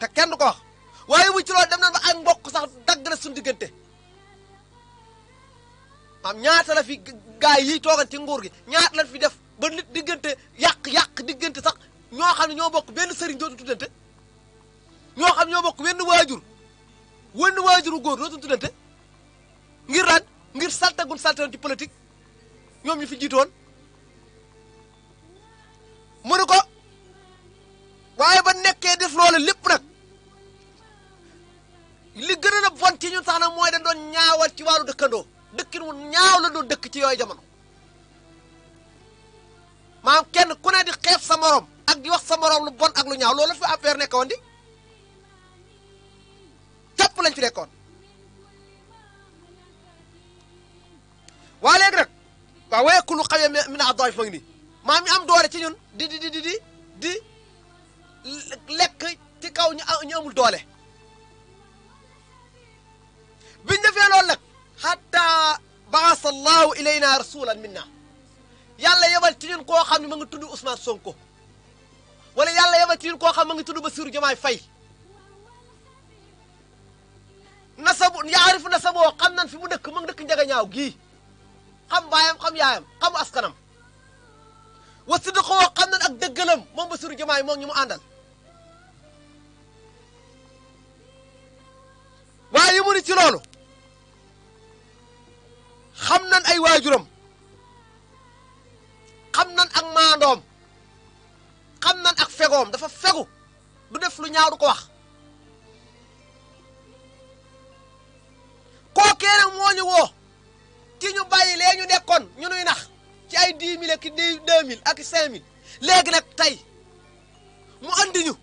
te kenn ko wax waaye mu ci loolu dem na ba ay mbokk sax dagg na suñu diggante am ñaata la fi gaa yi toogal ci nguur gi ñaata la fi def ba diggante yàq yàq diggante sax ñoo xam ñoo bokk benn sëriñ dootu tuddante ñoo xam ñoo bokk wenn waajur wenn waajuru góor dootu tuddante ngir raan ngir saltagun saltagun ci politique ñoom ñu fi jiitoon mënu ko waaye ba nekkee def loolu lépp nag li gën a bon ci ñun sax nag mooy dañ doon ñaawal ci wàllu dëkkandoo dëkkin wu ñaaw la doon dëkk ci yooyu jamono maanaam kenn ku ne di xeeb sa morom ak di wax sa morom lu bon ak lu ñaaw loolu fi affaire nekkoon di képp lañ fi nekkoon waa léegi nag waaw waaye ku lu xawee min ad-da'if ma ngi nii maam ñu am doole ci ñun di di di di di lekk ci kaw ñu amul doole biñ defee loolu nag hatta ba'asa Allahu ilayna rasulan minna yàlla yebal ci ñun ko xam ne ma ngi tudd Ousmane Sonko. wala yàlla yebal ci ñun koo xam ma ngi tudd Bassirou Diomaye Faye nasabu yaarifu nasaboo xam nan fi mu dëkk ma ngi dëkk njagañaaw gii xam baayam xam yaayam xam askanam wa sidqoo xam nan ak dëggalam moom Bassirou Diomaye moom ñu mu àndal waaye mu ni ci loolu nan ay waajuram xam nan ak maandoom xam nan ak fegoom dafa fegu du def lu ñaaw du ko wax kookee nag moo ñu woo ci ñu bàyyi lee ñu nekkoon ñu nuy nax ci ay dix mille ak deux ak cinq mille léegi nag tey mu andi ñu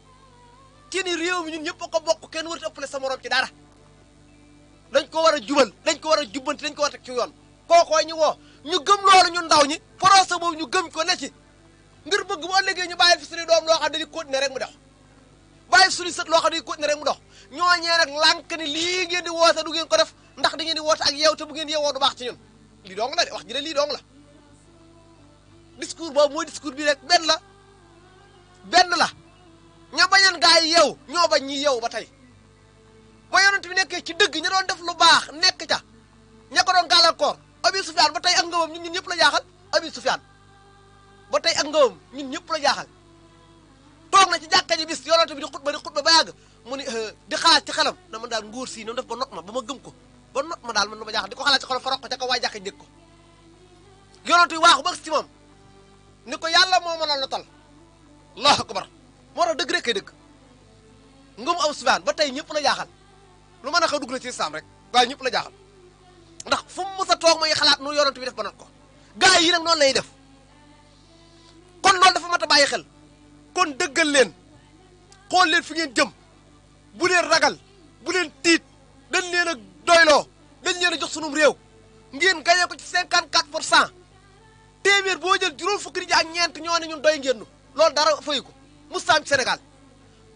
ci ni réew mi ñu ñëpp a ko bokk kenn warut ëppale sa morom ci dara dañ ko war a jubal dañ ko war a jubbanti dañ ko war a teg ci yoon kookoo ñu woo ñu gëm loolu ñu ndaw ñi procès boobu ñu gëm ko ne ci ngir bëgg bu ëllëgee ñu bàyyi fi suñu doom loo xam ne dañuy continuer rek mu dox bàyyi suñu sët loo xam ne dañuy continuer rek mu dox ñooñee nag lànk ni lii ngeen di woote du ngeen ko def ndax da ngeen di woote ak yeewte bu ngeen yeewoo du baax ci ñun lii dong la de wax ji de lii mooy discours bi rek benn la benn la ña bañan gaa yi yeew ñoo bañ ñi yeew ba tey ba yonent bi nekkee ci dëgg ña doon def lu baax nekk ca ña ko doon gàllankoor abi sufyaan ba tey ak ngëmam ñun ñun ñëpp la jaaxal abi sufyaan ba tey ak ngawam ñun ñëpp la jaaxal toog na ci jàkka ji bis yonent bi di xutba di xutba ba yàgg mu ni eh, di xalaat ci xelam na man daal nguur sii noonu def ba not ma ba ma gëm ko ba not ma daal man lu di ko xalaat ci xolam fa roq ko ca kaw waa jàkka njëkk ko yonent yi waaxu ba agsi ci moom ni ko yàlla moo mënal na tal allahu akbar moo tax dëgg rek kay dëgg ngëm ba tey ñëpp la jaaxal lu ma a xaw dugg na ci islam rek waaye ñëpp la jaaxal ndax fu mu mës a toog mooy xalaat nu yonent bi def ba not ko gaa yi nag noonu lay def kon loolu dafa mat a bàyyi xel kon dëggal leen xool leen fi ngeen jëm bu leen ragal bu leen tiit dañ leen a doyloo dañ leen a jox sunum réew ngeen gañee ko ci 54 pour cent téeméer boo jël juróom fukki nit ak ñeent ñoo ne ñun doy ngeen ñu loolu dara fayu ko mu ci Sénégal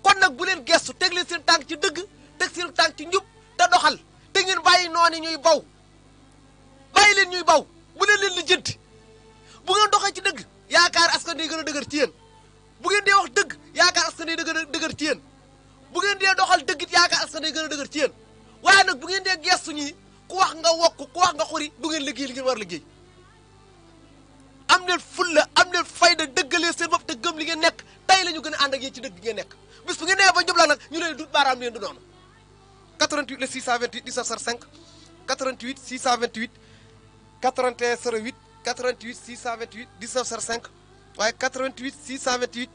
kon nag bu leen gestu teg leen seen tànk ci dëgg teg seen tànk ci njub te doxal te ngeen bàyyi noonu ñuy baw bàyyi leen ñuy baw bu leen leen lijjanti bu ngeen doxee ci dëgg yaakaar askan day gën a dëgër ci yéen bu ngeen dee wax dëgg yaakaar askan day gën a dëgër ci yéen bu ngeen dee doxal dëgg it yaakaar askan day gën a dëgër ci yéen waaye nag bu ngeen dee gestu ñi ku wax nga wokk ku wax nga xuri du ngeen liggéey li ngeen war a liggéey am leen fulla am leen fayda dëggalee seen bopp te gëm li ngeen nekk tey la ñu gën a ànd ak yéen ci dëgg ngeen nekk bis bu ngeen nee ba njëblaan nag ñu leen du baaraam leen du noonu 88 le 628 88 628 19 05 waaye 88 628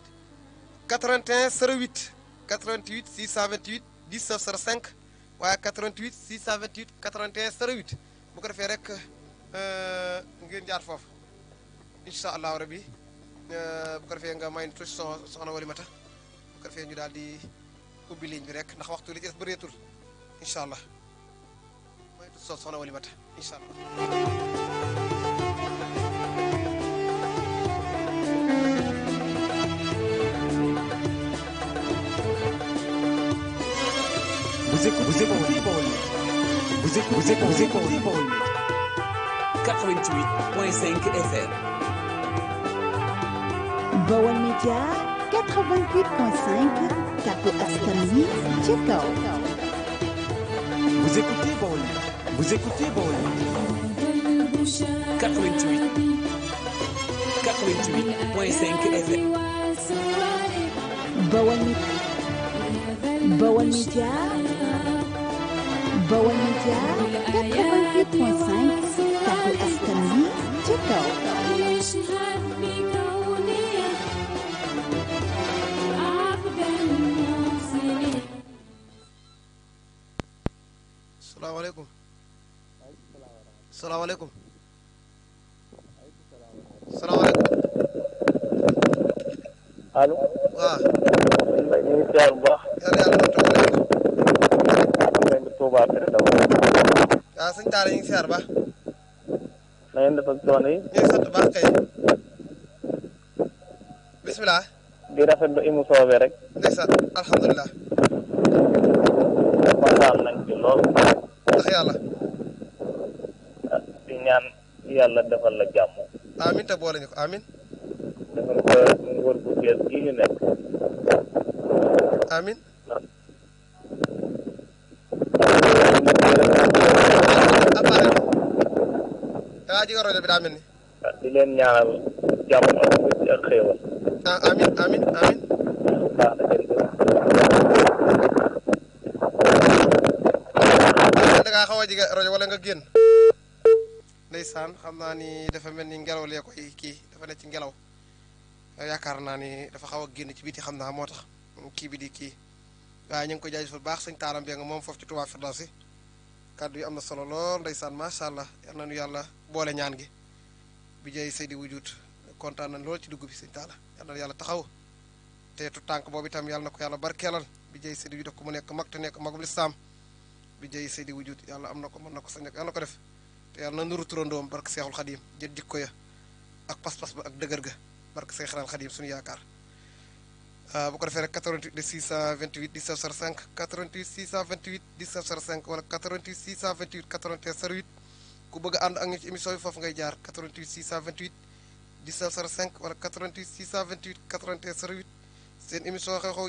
81 08 88 628 19 05 waaye 88 628 81 08 bu ko defee rek euh, ngeen jaar foofu incha allahu rabi euh, bu ko defee nga may tuuti soxna Walimata bu ko defee ñu daal di ubbi ligne bi rek ndax waxtu li ci des bëreetul incha allah may tuuti soxna Walimata incha allah. Vous écoutez, vous écoutez, vous écoutez, vous écoutez, vous écoutez, vous écoutez 88.5 FM. Baol Media 88.5 kàddu askan wi Baol Média 88.5 kàddu askan wi ca kaw. salaamaaleykum salaamaaleykum salaamaaleykum. allo. waaw. ñu ngi siyaar bu baax. yàlla yàlla na Touba Pire Ndaw. waaw ah, sëñ Talla ñu ngi siyaar baax. na ngeen def ak coono yi. ñu ngi sant bi rek. ndeysaan alhamdulilah. kontaan nañ ci lool. ndax yàlla. Ah, di ñaan yàlla defal la jàmm. amin te ñu ko amin defal ko nguur gu bees gi ñu nekk. amin yaa ji rajo bi daa mel ni. Ah, di leen ñaanal jàmm ak xéewal. ah amin amin amin ah, da ngaa xaw a jege rajo nga génn. ndeysaan xam naa ni dafa mel ni ngelaw lee koy kii dafa ne ci ngelaw yaakaar naa ni dafa xaw a génn ci biti xam naa moo tax kii bi di kii waaye ñu ngi ko jaajëfal baax sëñ taaram bi nga moom foofu ci Touba si kàddu yi am na solo lool ndeysaan macha allah na nañu yàlla boole ñaan gi bi jëy Seydi Wujud kontaan nañ lool ci dugg bi sëñ taala yal yàlla taxaw teetu tànk boobu itam yàlla na ko yàlla barkeelal bi jëy Seydi Wujud def ko mu nekk mag te nekk magum lislaam bi jëy Seydi Wujud yàlla am na ko mën na ko sañ yàlla ko def te yàlla na nuru turandoom barke Seexul Xadiim jët jikko ya ak pas-pas ba ak dëgër ga barke Seexul Xadiim suñu yaakaar bu ko defee rek 88 628 19 05 88 628 19 05 wala 88 a ànd ak ñu ci émission bi foofu ngay jaar 88 628 19 05 wala 88 628 81 08 seen émission xew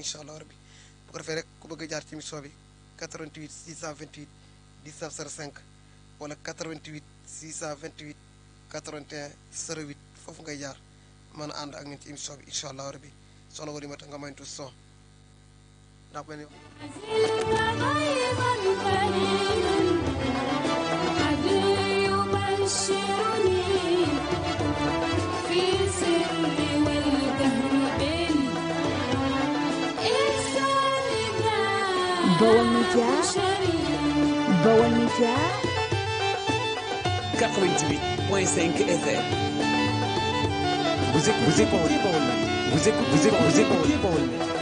incha allah rabbi bu ko a jaar ci émission bi 88 628 19 05 wala 88 628 81 08 foofu ngay jaar mën a ànd ak ñun ci émission bi incha allah rabbi soxna wari ma tax nga maytu son ndax benn Baol Média Baol Média 88 101.5 FM. Vous écoutez, vous écoutez, vous écoutez, vous écoutez, vous écoutez,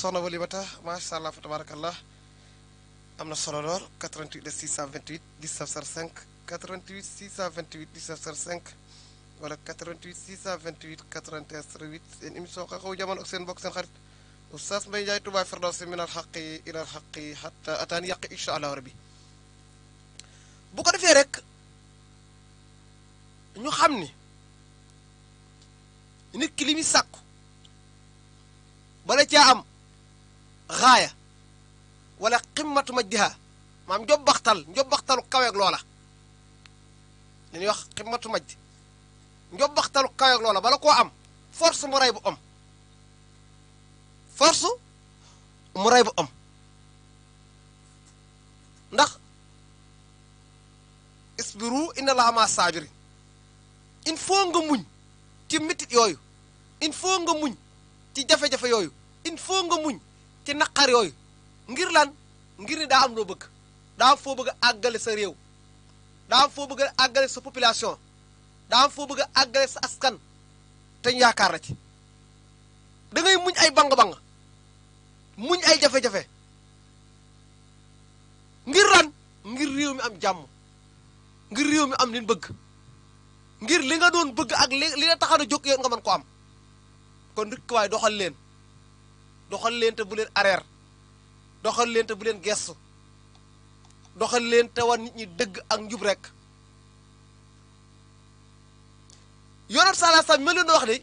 soxna Walimata macha allah fa tabarakallah am na solo lool 88 de 628 1905 88 628 1905 wala 88 628 81 08 seen émission xew-xewu jamono ak seen bokk seen xarit Oustaz Mbaye Ndiaye Touba Firdawsi min al xaqi ila al xaqi xata ataan yàq incha allah rabbi bu ko defee rek ñu xam ni nit ki li muy sàkku bala caa am xaaya wala ximmatu majdiha maam njobbaxtal njobbaxtalu kaweeg loola li ñuy wax ximmatu majdi njobbaxtalu kaweeg loola bala koo am force mu rey bu am force mu rey bu am ndax isbiru inna laa ma saabiri il faut nga muñ ci métit yooyu il faut nga muñ ci jafe-jafe yooyu il faut nga muñ ci naqar yooyu ngir lan ngir ni daa am loo bëgg daa am foo bëgg a àggale sa réew daa am foo bëgg àggale sa population daa am foo bëgg a àggale sa askan te yaakaar la ci da muñ ay bang-bang muñ ay jafe-jafe ngir lan ngir réew mi am jàmm ngir réew mi am li bëgg ngir li nga doon bëgg ak li li la taxaw a jóg yoon nga mën ko am kon rikk waay doxal leen doxal leen te bu leen areer doxal leen te bu leen gestu doxal leen te war nit ñi dëgg ak njub rek yonent sala sam ma leen wax de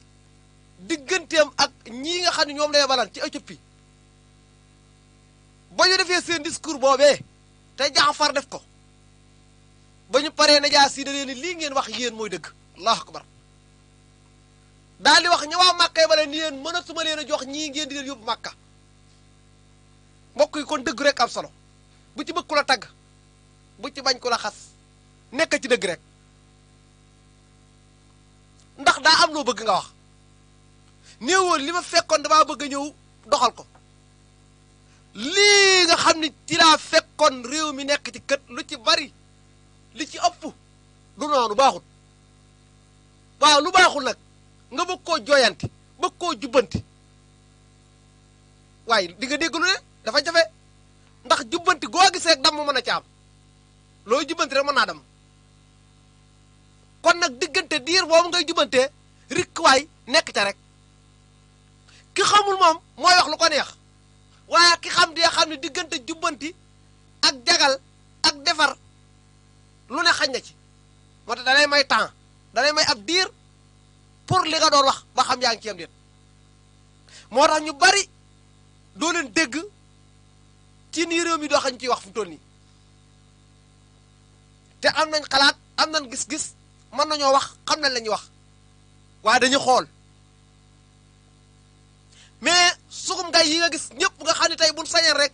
digganteem ak ñii nga xam ne ñoom lay balan ci Éthiopie ba ñu defee seen discours boobee te far def ko ba ñu paree na jaa si da leen lii ngeen wax yéen mooy dëgg allahu akbar daal di wax ña waa màkka yi bale ni yéen mën a suma leen a jox ñii ngeen di leen yóbbu màkka mbokk yi kon rek am solo bu ci bëgg ku la bu ci bañ ku la xas nekk ci dëgg rek ndax daa am loo bëgg nga wax néewoon lima ma fekkoon damaa bëgg a ñëw doxal ko lii nga xam ni ci laa fekkoon réew mi nekk ci kët lu ci bari li ci ëpp lu noonu baaxul waaw lu baaxul nag nga bëgg koo jooyanti bëgg koo jubbanti waaye di nga dégg lu ne dafa jafe ndax jubbanti goo gis damm mën a caam loo jubbanti rek mën naa dem kon nag diggante diir boobu ngay jubbante rikkuwaay nekk ca rek ki xamul moom mooy wax lu ko neex waaye ki xam di xam ne diggante jubbanti ak jagal ak defar lu ne xañ na ci moo tax danay may temps danay may ab diir pour li nga doon wax ba xam yaa ngi ci yam déet moo tax ñu bari doo leen dégg ci nii réew mi doo xañ ciy wax fu toll nii te am nañ xalaat am nañ gis-gis mën nañoo wax xam nañ la ñuy wax waa dañuy xool mais suxum gay yi nga gis ñëpp nga xam ne tey buñ sañeen rek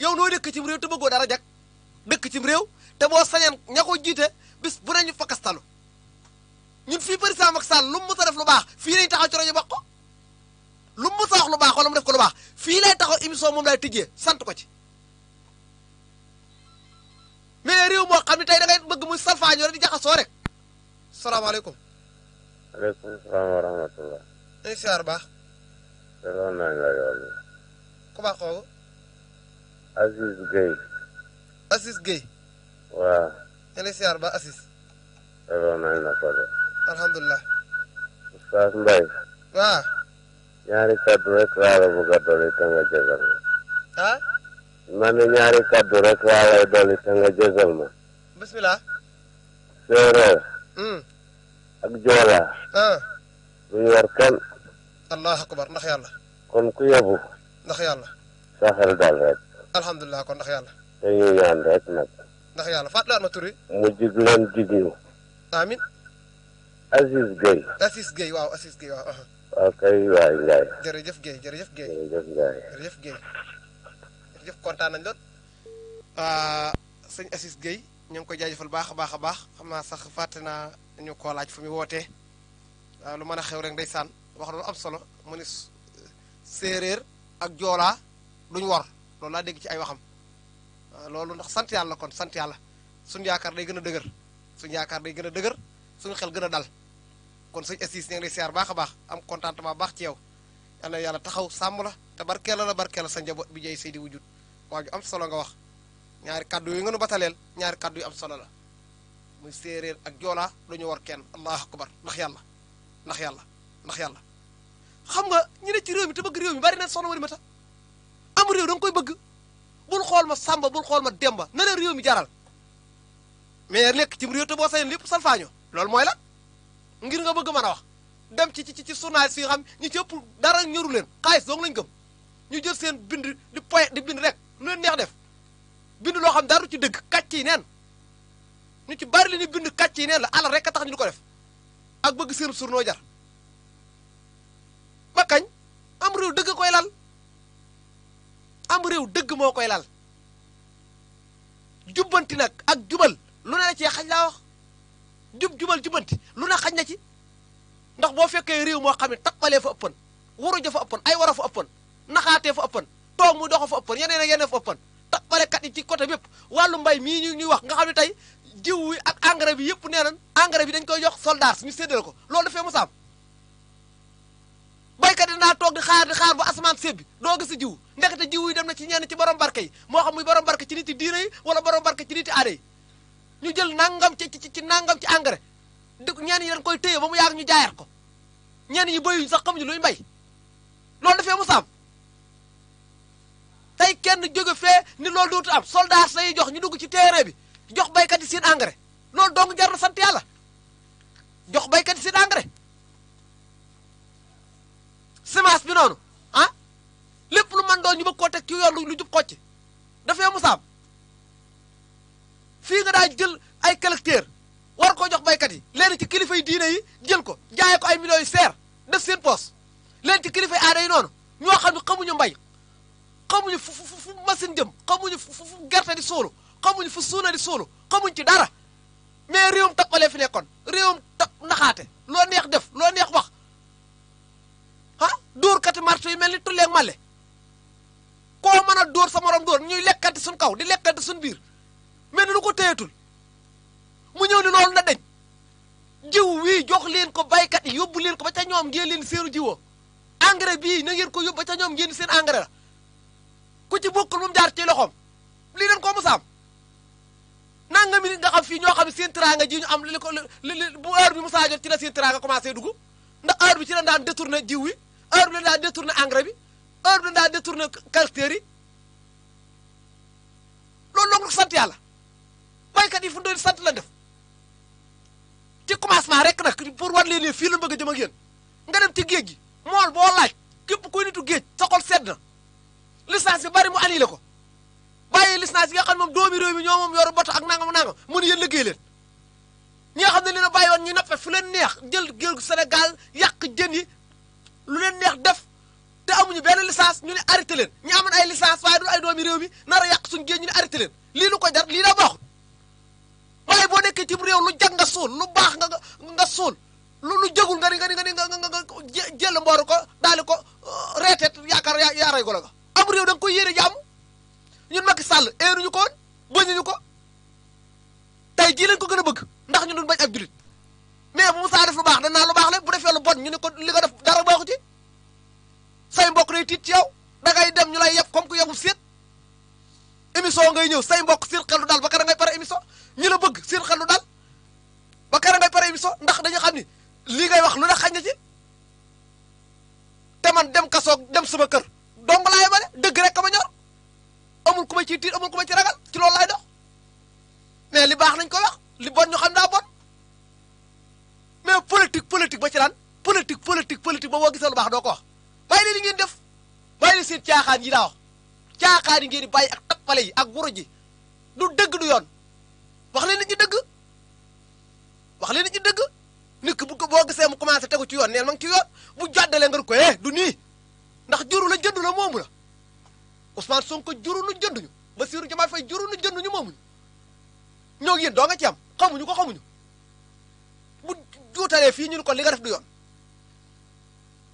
yow noo dëkk cim réew te bëggoo dara jag dëkk cim réew te boo sañeen ña ko jiite bis bu ne ñu fakkastalu ñun fii président Macky Sall lu mu mës def lu baax fii lañ taxaw ci rajo bokk lu mu mës a lu baax wala mu def ko lu baax fii lay taxaw émission moom lay tijjee sant ko ci mais réew moo ni ne tey da ngay bëgg muy salfaañoo rek di jaxasoo rek salaamaaleykum. aleykum salaam wa rahmatulah. incha baax. salaam naa ku baax kooku. Aziz Gueye. Aziz Gueye. waaw. ñu ngi lay siyaar ba Aziz. salaam alhamdulilah. Oustaz Mbaye. waaw. ñaari kaddu rek laa la bëgg a dolli te nga ma. bismillah. séeréer. Hmm. ak joola. bu ñu war kenn. akbar ndax yàlla. kon ku yebu. ndax yàlla. saxel daal rek. alhamdulilah kon ndax yàlla. dañuy ñaan ma turi. mu jig jig ñu. amiin. Aziz Gueye. Aziz Gueye waaw Aziz Gueye waaw. waaw uh-huh. kay waay Ndiaye. jërëjëf Gueye jërëjëf Gueye. jërëjëf Ndiaye jërëjëf Gueye. jërëjëf kontaan nañ lool. Ah, sëñ Aziz Gueye ñu ngi koy jaajëfal baax a baax a baax xam naa sax fàtte naa ñu koo laaj fu mu wootee ah, lu mën a xew rek ndeysaan wax loolu am solo mu ne séeréer ak joolaa duñ wor loolu laa dégg ci ay waxam ah, loolu ndax sant yàlla kon sant yàlla suñu yaakaar day gën a dëgër suñu yaakaar day gën a dëgër suñu xel gën a dal. kon sëñ Assis ñu ngi lay siyaar baax a baax am contentement baax ci yow yal yàlla taxaw sàmm la te barkeela la barkeela sa njaboot bi jëy Seydi Wujud waa ju am solo nga wax ñaari kàddu nga ngeen bataleel ñaari kàddu yu am solo la muy séeréer ak joolaa dañu war kenn allahu akbar ndax yàlla ndax yàlla ndax yàlla xam nga ñu ne ci réew mi te bëgg réew mi bari na soxna wari ma ta am réew da nga koy bëgg bul xool ma sàmba bul xool ma demba na réew mi jaral mais nekk ci réew te boo sañoon lépp salfaañoo loolu mooy la ngir nga bëgg mën a wax dem ci ci ci journal si xam ñu ci ëpp dara ñëru leen xaalis dong lañ gëm ñu jël seen bind di point di rek lu leen def bind loo xam dara ci dëgg kàcc yi neen ñu ci bari li ñu bind kàcc yi neen la alal rek a tax ñu di ko def ak bëgg seen surnoo jar ba kañ am réew dëgg koy lal am réew dëgg moo koy lal jubbanti nag ak jubal lu ne la cee xaj laa jub jubal jubanti lu ne xaj na ci ndax boo fekkee réew moo xam ne tappalee fa ëppan waru ja fa ay wara fa ëppan naxaatee fa ëppan toog mu dox fa ëppan yeneen ak yeneen fa ëppan tappalekat yi ci côté bépp wàllu mbay mii ñu ñuy wax nga xam ne tey jiw wi ak engrais bi yëpp nee nan engrais bi dañ koy jox soldat ñu séddale ko loolu fee mu saam baykat yi dinaa toog di xaar di xaar ba asamaan sébbi doo gis jiw ndekete jiw yi dem na ci ñenn ci borom barke yi moo xam muy borom barke ci nit yi wala borom barke ci nit yi aada ñu jël nangam ci ci ci nangam ci engrais di ñenn ñi dañ koy téye ba mu yàgg ñu jaayat ko ñenn ñi béyu sax ñu luy mbay loolu dafee mu saam tey kenn jóge fee ni loolu dootu am soldaar say jox ñu dugg ci terrain bi jox baykat yi seen engrais loolu dong jar na sant yàlla jox baykat yi seen engrais semence bi noonu ah lépp lu mën doon ñu bëgg koo te ci yoon lu jub xocc dafee mu saam fii nga daa jël ay collecteur war ko jox baykat yi léegi ci kilifa yi diine yi jël ko jaayee ko ay millions yu seer def seen poos léegi ci kilifa yi aada yi noonu ñoo xam ne xamuñu mbay xamuñu fu fu fu machine jëm xamuñu fu fu gerte di suulu xamuñu fu suuna di suulu xamuñ ci dara mais réewum tappalee fi nekkoon réewum tap naxaate loo neex def loo neex wax ah dóor kati marto yi mel ni tulleeg male koo mën a dóor sa morom dóor ñuy lekkante suñ kaw di lekkante suñ biir yóbbu leen ko ba ca ñoom ngeen leen seenu jiwoo engrais bii na ngeen ko yom ba ca ñoom ngeen seen engrais ku ci bokkul moom jaar ci loxoom lii dañ koo musaam nangami nit nga xam fii ñoo xam ne seen teraanga ji ñu am li ko bu heure bi musaa jot ci la seen teraanga commencé dugg ndax heure bi ci la daan détourné jiw wi heure bi la daan détourné engrais bi heure bi la daan détourné caractère yi loolu loolu sant yàlla baykat yi fu doon la def ci commencement rek nag pour war leen ne fii la bëgg a jëm ak yéen nga dem ci géej gi mool boo laaj képp kuy nitu géej sa xol sedd na licence bi bari mu annulé ko bàyyi licence yi nga xam ne moom doomi réew mi ñoo moom yor bato ak nangam nangam mën yéen liggéey leen ñi nga xam ne leen a bàyyi woon ñu nappe fu leen neex jël géej Sénégal yàq jën yi lu leen neex def te amuñu benn licence ñu ne arrêté leen ñu amoon ay licence waaye du ay doomi réew mi nar a yàq suñu géej ñu ne arrêté leen ko jar lii la baaxut waaye boo nekkee ci réew lu jag nga suul lu baax nga nga suul lu lu jëgul nga ni nga ni nga ni nga nga nga jël mbooru ko daali ko euh, reeteet yaakaar yaa ray ko la nga am réew da nga koy yéene jàmm ñun Macky Sall eeruñu ko woon bañuñu ko tey jii lañ ko gën a bëgg ndax ñu duñ bañ ab julit mais bu Moussa def lu baax danaa lu baax la bu defee lu bon ñu ne ko li nga def dara baaxu ci say mbokk day tiit ci yow dangay dem ñu lay yeb comme ku yebul séet émission ngay ñëw say mbokk seen xel lu daal ba kara ngay pare émission ñi la bëgg seen xel lu daal ba kara ngay pare émission ndax dañu xam ni lii ngay wax lu ne xañ na ci te man dem kasoog dem sama kër dong laay ne dëgg rek ka ma ñor amul ku ma ciy tiit amul ci ragal ci loolu laay dox mais li baax nañ ko wax li bon ñu xam daa bon mais politique politique ba ci lan politique politique politique ba boo gisee lu baax doo ko wax bàyyi leen li ngeen def bàyyi leen seen caaxaan yi daa wax caa ngeen di bàyyi ak tappale yi ak wuro ji du dëgg du yoon wax leen nit ñi dëgg wax leen nit ñi dëgg nit ki bu ko boo gisee mu commencé tegu ci yoon neen ma ngi ci yoon bu jàddalee nga ko eh du nii ndax juru la jëndu la moomu la Ousmane Sonko juru nu jënduñu Bassirou Diomaye Faye jurul nu jënduñu moomuñu ñoo ngi yéen doo nga ci am xamuñu ko xamuñu bu juutalee fii ñu ne ko li nga def du yoon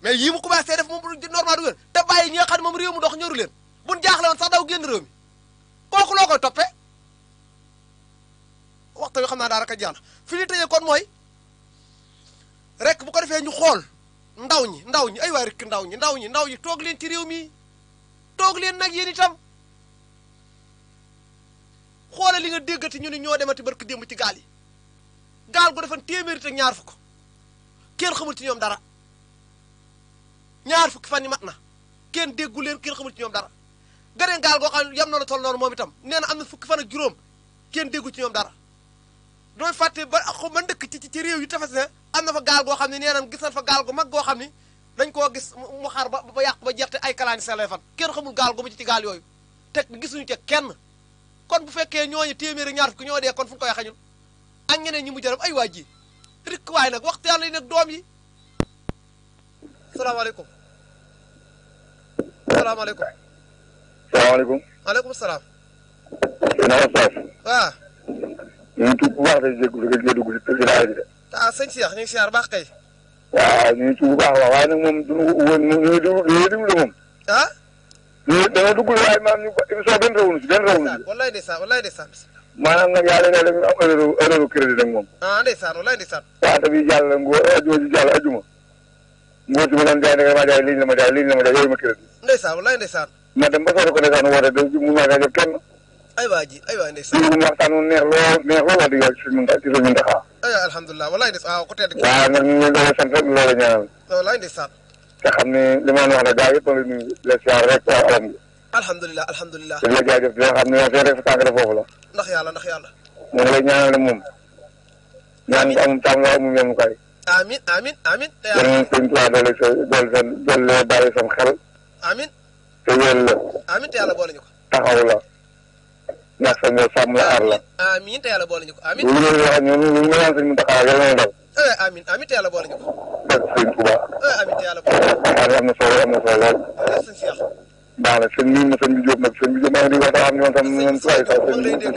mais yii mu commencé def moom normal du yoon te bàyyi ñi nga xam ne moom réew mu dox ñoru leen buñ jaaxle woon sax daw génn réew mi kooku loo koy toppee waxtu bi xam naa daa rek a jaana fi kon mooy rek bu ko defee ñu xool ndaw ñi ndaw ñi ay waay ndaw ñi ndaw ñi ndaw ñi toog leen ci réew mi toog leen nag yéen itam xoolal li nga déggati ñu ne ñoo ti barki démb ci gaal yi gaal gu defan téeméeri te ñaar fukk kenn xamul ci ñoom dara ñaar fukki fan yi mat na kenn déggu leen kenn xamul ci dara geneen gaal goo xam ne yam na la toll noonu moom itam nee na am na fukki fan ak juróom kenn déggu ci ñoom dara dooy fàtte ba xaw ma ndëkk ci ci réew yi tefes ne am na fa gaal xam ne nee nan gis fa gaal gu mag goo xam ne dañ koo gis mu ba ba yàq ba jeexte ay kalaani selee fan kenn xamul gaal gu mu ci ci gaal yooyu gisuñu ca kenn kon bu fekkee ñooñu téeméeri ñaar fukki ñoo dee kon fu ñu ak ñeneen ñi mu jërëm ay waa ji rikk waay nag waxtu yàlla yi nag doom yi salaamaaleykum salaamaaleykum salaamaaleykum. maaleykum salaam. na nga Saaf. waaw. ñu ngi tuub bu baax di jégalu rek di dugg si kër gi de. ah sëñ Cheikh ñu ngi siyaar baax kay. waaw ñu ngi tuub bu baax a baax waaye nag moom duñu woon ñu ngi déglu ñu ngi déglu moom. ah. ñu dañoo dugg waaye maanaam ñu émission benn réew si benn réew mi. wallaay ndeysaan wallaay ndeysaan. maanaam nag yàlla ne dañu am erreur erreur crédit nag moom. ah ndeysaan wallaay ndeysaan. waaw tamit yàlla ngoo ah, jooju jàll ajuma. ngoo si ma doon jaay nag ma jaay lii la ma jaay lii la ma jaay yooyu ma crédit. ndeysaan wallaay ndeysaan na dem ba sori ko ndeysaan woote de mu ñàkk a jot kenn. ay waa ji ay waa ndeysaan mu waxtaan mu neex lool neex lool wax dëgg yàlla ci suñu li ma wax rek gars yëpp a ngi nuyu la siyaar rek waaw alhamdulilah alhamdulilah. di la jaajëf di nga sa tànk la foofu la. ndax yàlla ndax yàlla. ñu ngi lay ñaanal moom. ñaan nga am tam la amul yem kay. amiin amiin amiin. te yàlla yal doole sa doole sa doole bàyyi te yéen la. amiin te ñu ko. taxaw la. ndax sa mbéy sàmm la aar la. amiin te yàlla boole a ko amiin. lu ñu wax ñun lu ñu naan suñu taxaw yàlla na dal. amiin amiin ko. parce que sëñ Touba. amiin ñu ko. Eh, am na solo am na solo lool. baax na sëñ bi sëñ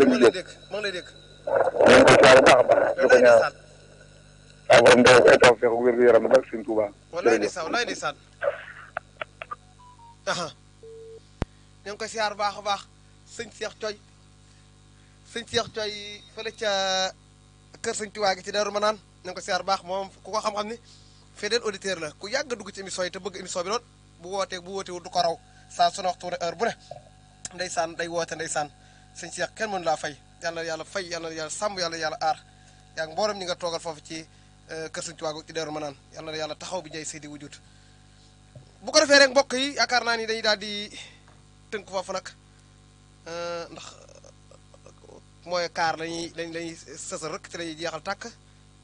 bi Diop a di ko ñoo ngi koy siyaar baax a baax sëñ Seex Coy sëñ Seex Coy fële ca kër sëñ Tuubaa gi ci Daaru Manaan ñoo ngi koy baax moom ku ko xam-xam ni fidèle auditeur la ku yàgg dugg ci émission yi te bëgg émission bi lool bu wootee bu wootewul du ko raw saa su ne waxtu heure bu ne ndeysaan day woote ndeysaan sëñ Seex kenn mënu laa fay yàlla yàlla fay yàlla yàlla sàmm yàlla yàlla aar yaa ngi mboolem nga toogal foofu ci e, kër sëñ Tuubaa ci Daaru Manaan yàlla yàlla taxaw bi njëy seydi wujut bu ko defee rek mbokk yi yaakaar daal tënk foofu nag euh, ndax euh, mooy kaar lañuy lañ lañuy sësal rek ci lañuy jeexal tàkk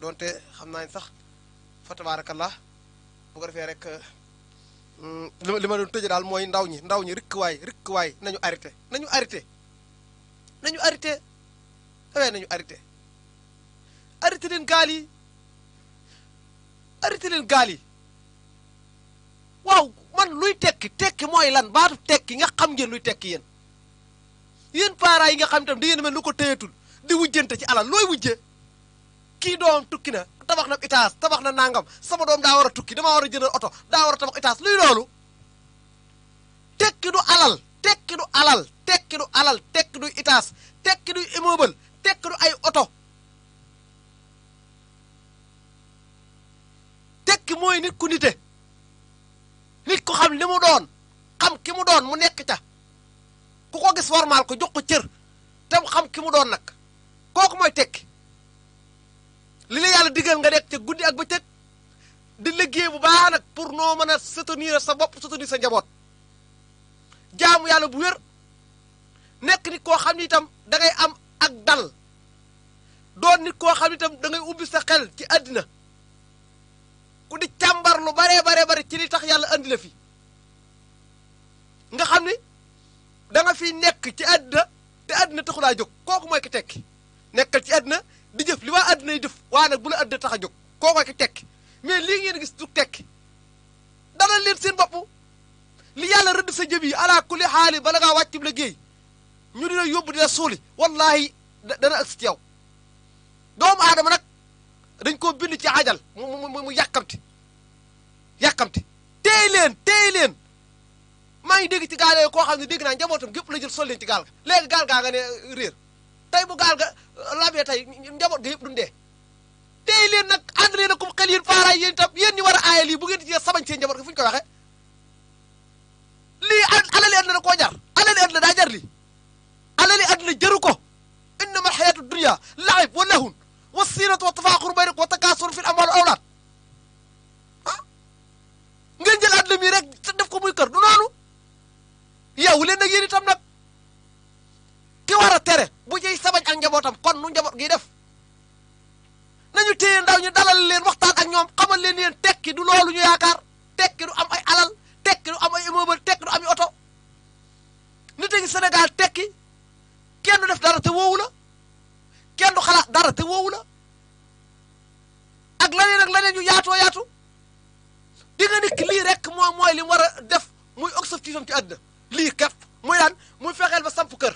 donte xam naa ni sax fa tabaarakallah bu ko defee rek euh, li ma doon tëje daal mooy ndaw ñi ndaw ñi rikk waay rikk waay nañu arrêté nañu arrêté nañu arrêté awee eh, nañu arrêté arrêté leen gaal yi arrêté leen gaal yi waaw man luy tekki tekki mooy lan baatu tekki nga xam ngeen luy tekki yéen yéen parents yi nga xam itam da ngeen mel lu ko téyetul di wujjante ci alal looy wujje kii doom tukki na tabax na étage tabax na nangam sama doom daa war a tukki damaa war a jëndal oto daa war a tabax étage luy loolu tekki du alal tekki du alal tekki du alal tekki du étage tekki du immeuble tekki du ay oto tekki mooy nit ku nit ko xam li mu doon xam ki mu doon mu nekk ca ku ko gis warmaal ko jox ko cër te mu xam ki mu doon nag kooku mooy tekki li la yàlla digal nga nekk ca guddi ak bëccëg di liggéey bu baax nag pour noo mën a soutenir sa bopp soutenir sa njaboot jaamu yàlla bu wér nekk nit koo xam ni itam da am ak dal doon nit koo xam ni itam da ngay ubbi sa xel ci àddina ku di càmbar lu baree baree bari ci li tax yàlla andi la fi nga xam ni da fi nekk ci àddina te àddina taxu laa jóg kooku mooy ki tekki nekkal ci àddina di jëf li waa àddina yi dëf waaye nag bu tax a jog kooku mooy ki tekki mais lii ngeen gis du tekki dana leen seen bopp li yàlla rëdd sa jëm yi ku kulli xaali bala ngaa wàccib la géey ñu dina yóbbu dina suuli wallaahi dana agsi ci yow doomu aadama nag dañ koo bind ci ajal mu mu mu yàkkamti yàkkamti téy leen téy leen maa ngi dégg ci gaal ko koo xam ne dégg naa njabootam gépp la jël sol leen ci gaal ga léegi gaal gaa nga ne réer tey bu gaal ga euh, tey njaboot ga yëpp duñ dee téy leen nag ànd leen ak kum xel yéen faaraay yéen itam yéen ñi war a aayal yi bu ngeen di sabañ seen njaboot ga fu ñu koy waxee lii alali àddina koo jar alali àddina daa jar lii alali àddina jëru na innama xayaatu dunya laib wa lahun wasinatu wa tafaaxur baynakum wa takaasur fil amwaal wal awlaad ah ngeen jël àdduna rek def ko muy kër du noonu yow leen nag yéen itam nag ki war a tere bu jëy sabañ ak njabootam kon nu njaboot gi def nañu téye ndaw ñu dalal leen waxtaan ak ñoom xamal leen yéen tekki du loolu ñu yaakaar tekki du am ay alal tekki du am ay immeuble tekki du am ay oto nit a ngi tekki kenn def dara te woowu la kenn du xalaat dara te woowu la ak leneen ak leneen ñu yaatoo yaatu di nga lii rek moom mooy li mu war a def muy objectif am ci àdduna lii képp muy daan muy fexeel ba samp kër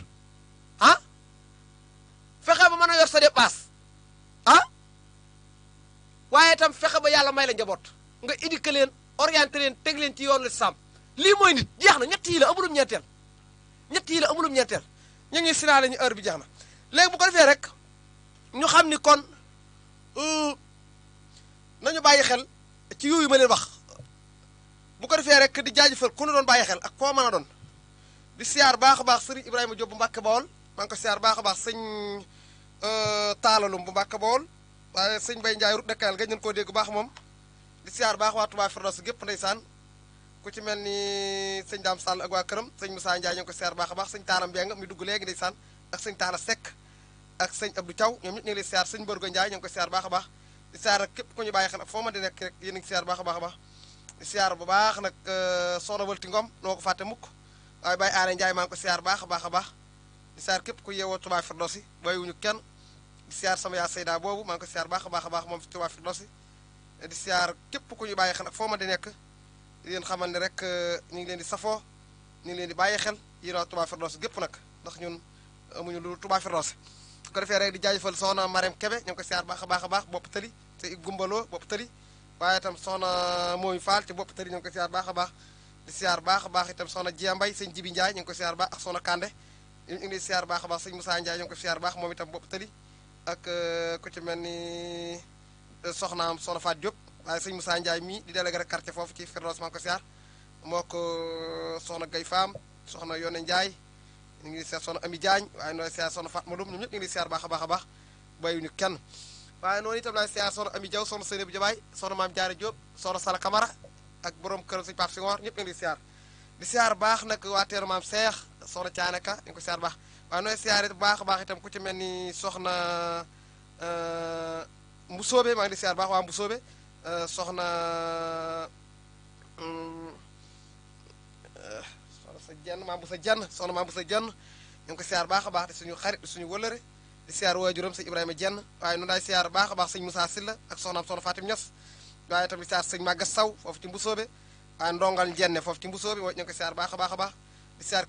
ah fexe ba mën a yor sa dépasse ah waaye itam fexe ba yàlla may la njaboot nga éduquer leen orienter leen teg leen ci yoonu lislaam lii mooy nit jeex na ñett yi la amulum ñeenteel ñett yi la amulum ñeenteel ñu ngi sinaale ñu heure bi jeex na bu ko defee rek. ñu xam ni kon euh, nañu bàyyi xel ci yooyu ma leen wax bu ko defee rek di jaajëfal ku nu doon bàyyi xel ak koo doon di siyaar baax a baax sëriñ Ibrahima Diop bu Mbàkke Bawol maa ngi baax a baax sëñ euh, taalalum bu Mbàkke Bawol waaye sëñ Bay Njaay rut dëkkaal nga ñun koo dégg baax moom di siyaar baax waa Touba Firdaws gépp ndeysaan ku ci mel ni sëñ Daam Sall ak aa këram sëñ Moussa Ndiaye ñu ko siyaar baax a baax sëñ Taara Mbeng mi dugg léegi ndeysaan ak sëñ Taara Seck ak sëñ Abdou Thiaw ñoom ñëpp ñu ngi lay siyaar sëñ Borgo Ndiaye ñu ngi koy siyaar a baax di siyaar képp ku ñu bàyyi xel foo ma di nekk rek yéen a a baax baax di siyaar bu baax nag euh, soxna noo fàtte mukk waaye Baye Aare Ndiaye maa ngi baax a baax a baax di képp ku yeewoo Touba Firdawsi bàyyiwuñu kenn di siyaar sama yaa Seyda boobu maa ngi ko baax a baax a baax moom Touba Firdawsi di siyaar képp ku bàyyi xel ak foo ma di nekk di leen xamal ne rek euh, ñu ngi leen di safoo ñu ngi leen di bàyyi xel yi Touba Firdawsi gépp nag ndax ñun amuñu lu Touba Firdawsi su ko defee rek di jaajëfal soxna Marème Kebe ñu ngi ko siyaar baax a baax a baax bopp tëli gumbaloo bopp tëli waaye itam soxna mooy faal ci bopp tëli ñu ko siyaar baax a baax di baax a baax itam soxna Jia Mbay sëñ Jibi Ndiaye ñu ngi ko siyaar baax ak soxna Kande baax a baax sëñ Moussa Ndiaye ko siyaar baax moom itam bopp tëli ak euh, ko ci mel ni euh, soxnaam soxna Faat Diop waaye sëñ Moussa Ndiaye mii di délégué quartier foofu ci Firdaws maa ngi ko siyaar moo ko euh, soxna Gay Faam soxna Yone Ndiaye ñu ngi di seet soxna Ami Diagne waaye noonu lay seet soxna Fatma Loum ñoom ñëpp ñu ngi baax a baax a baax bàyyiwuñu kenn waaye noonu itam laay seet soxna Ami Diaw soxna Seynabou Jabaay soxna Maam Jaara Diop soxna Sala Kamara ak borom këram sëñ Pape ñëpp ñu ngi baax nag waa teeru maam Seex soxna Caanaka ñu ko seet baax waaye nooy siyaare baax a baax itam ku ci mel ni soxna euh, Mbusoobe maa ngi di siyaar baax waa Mbusoobe euh, soxna euh, sa jenn maam bu sa jenn soxna maam bu sa jenn siyaar baax a baax di suñu xarit di suñu wëlëre di siyaar waajuram sëñ Ibrahima Jenn waaye nun daay siyaar a baax sëñ Moussa Silla ak soxnaam soxna Fatim Ñas waaye tamit siyaar sëñ Maga Saw foofu ci Mbusoobe waaye ndongal Jenne foofu ci Mbusoobe ñu ngi ko siyaar baax a baax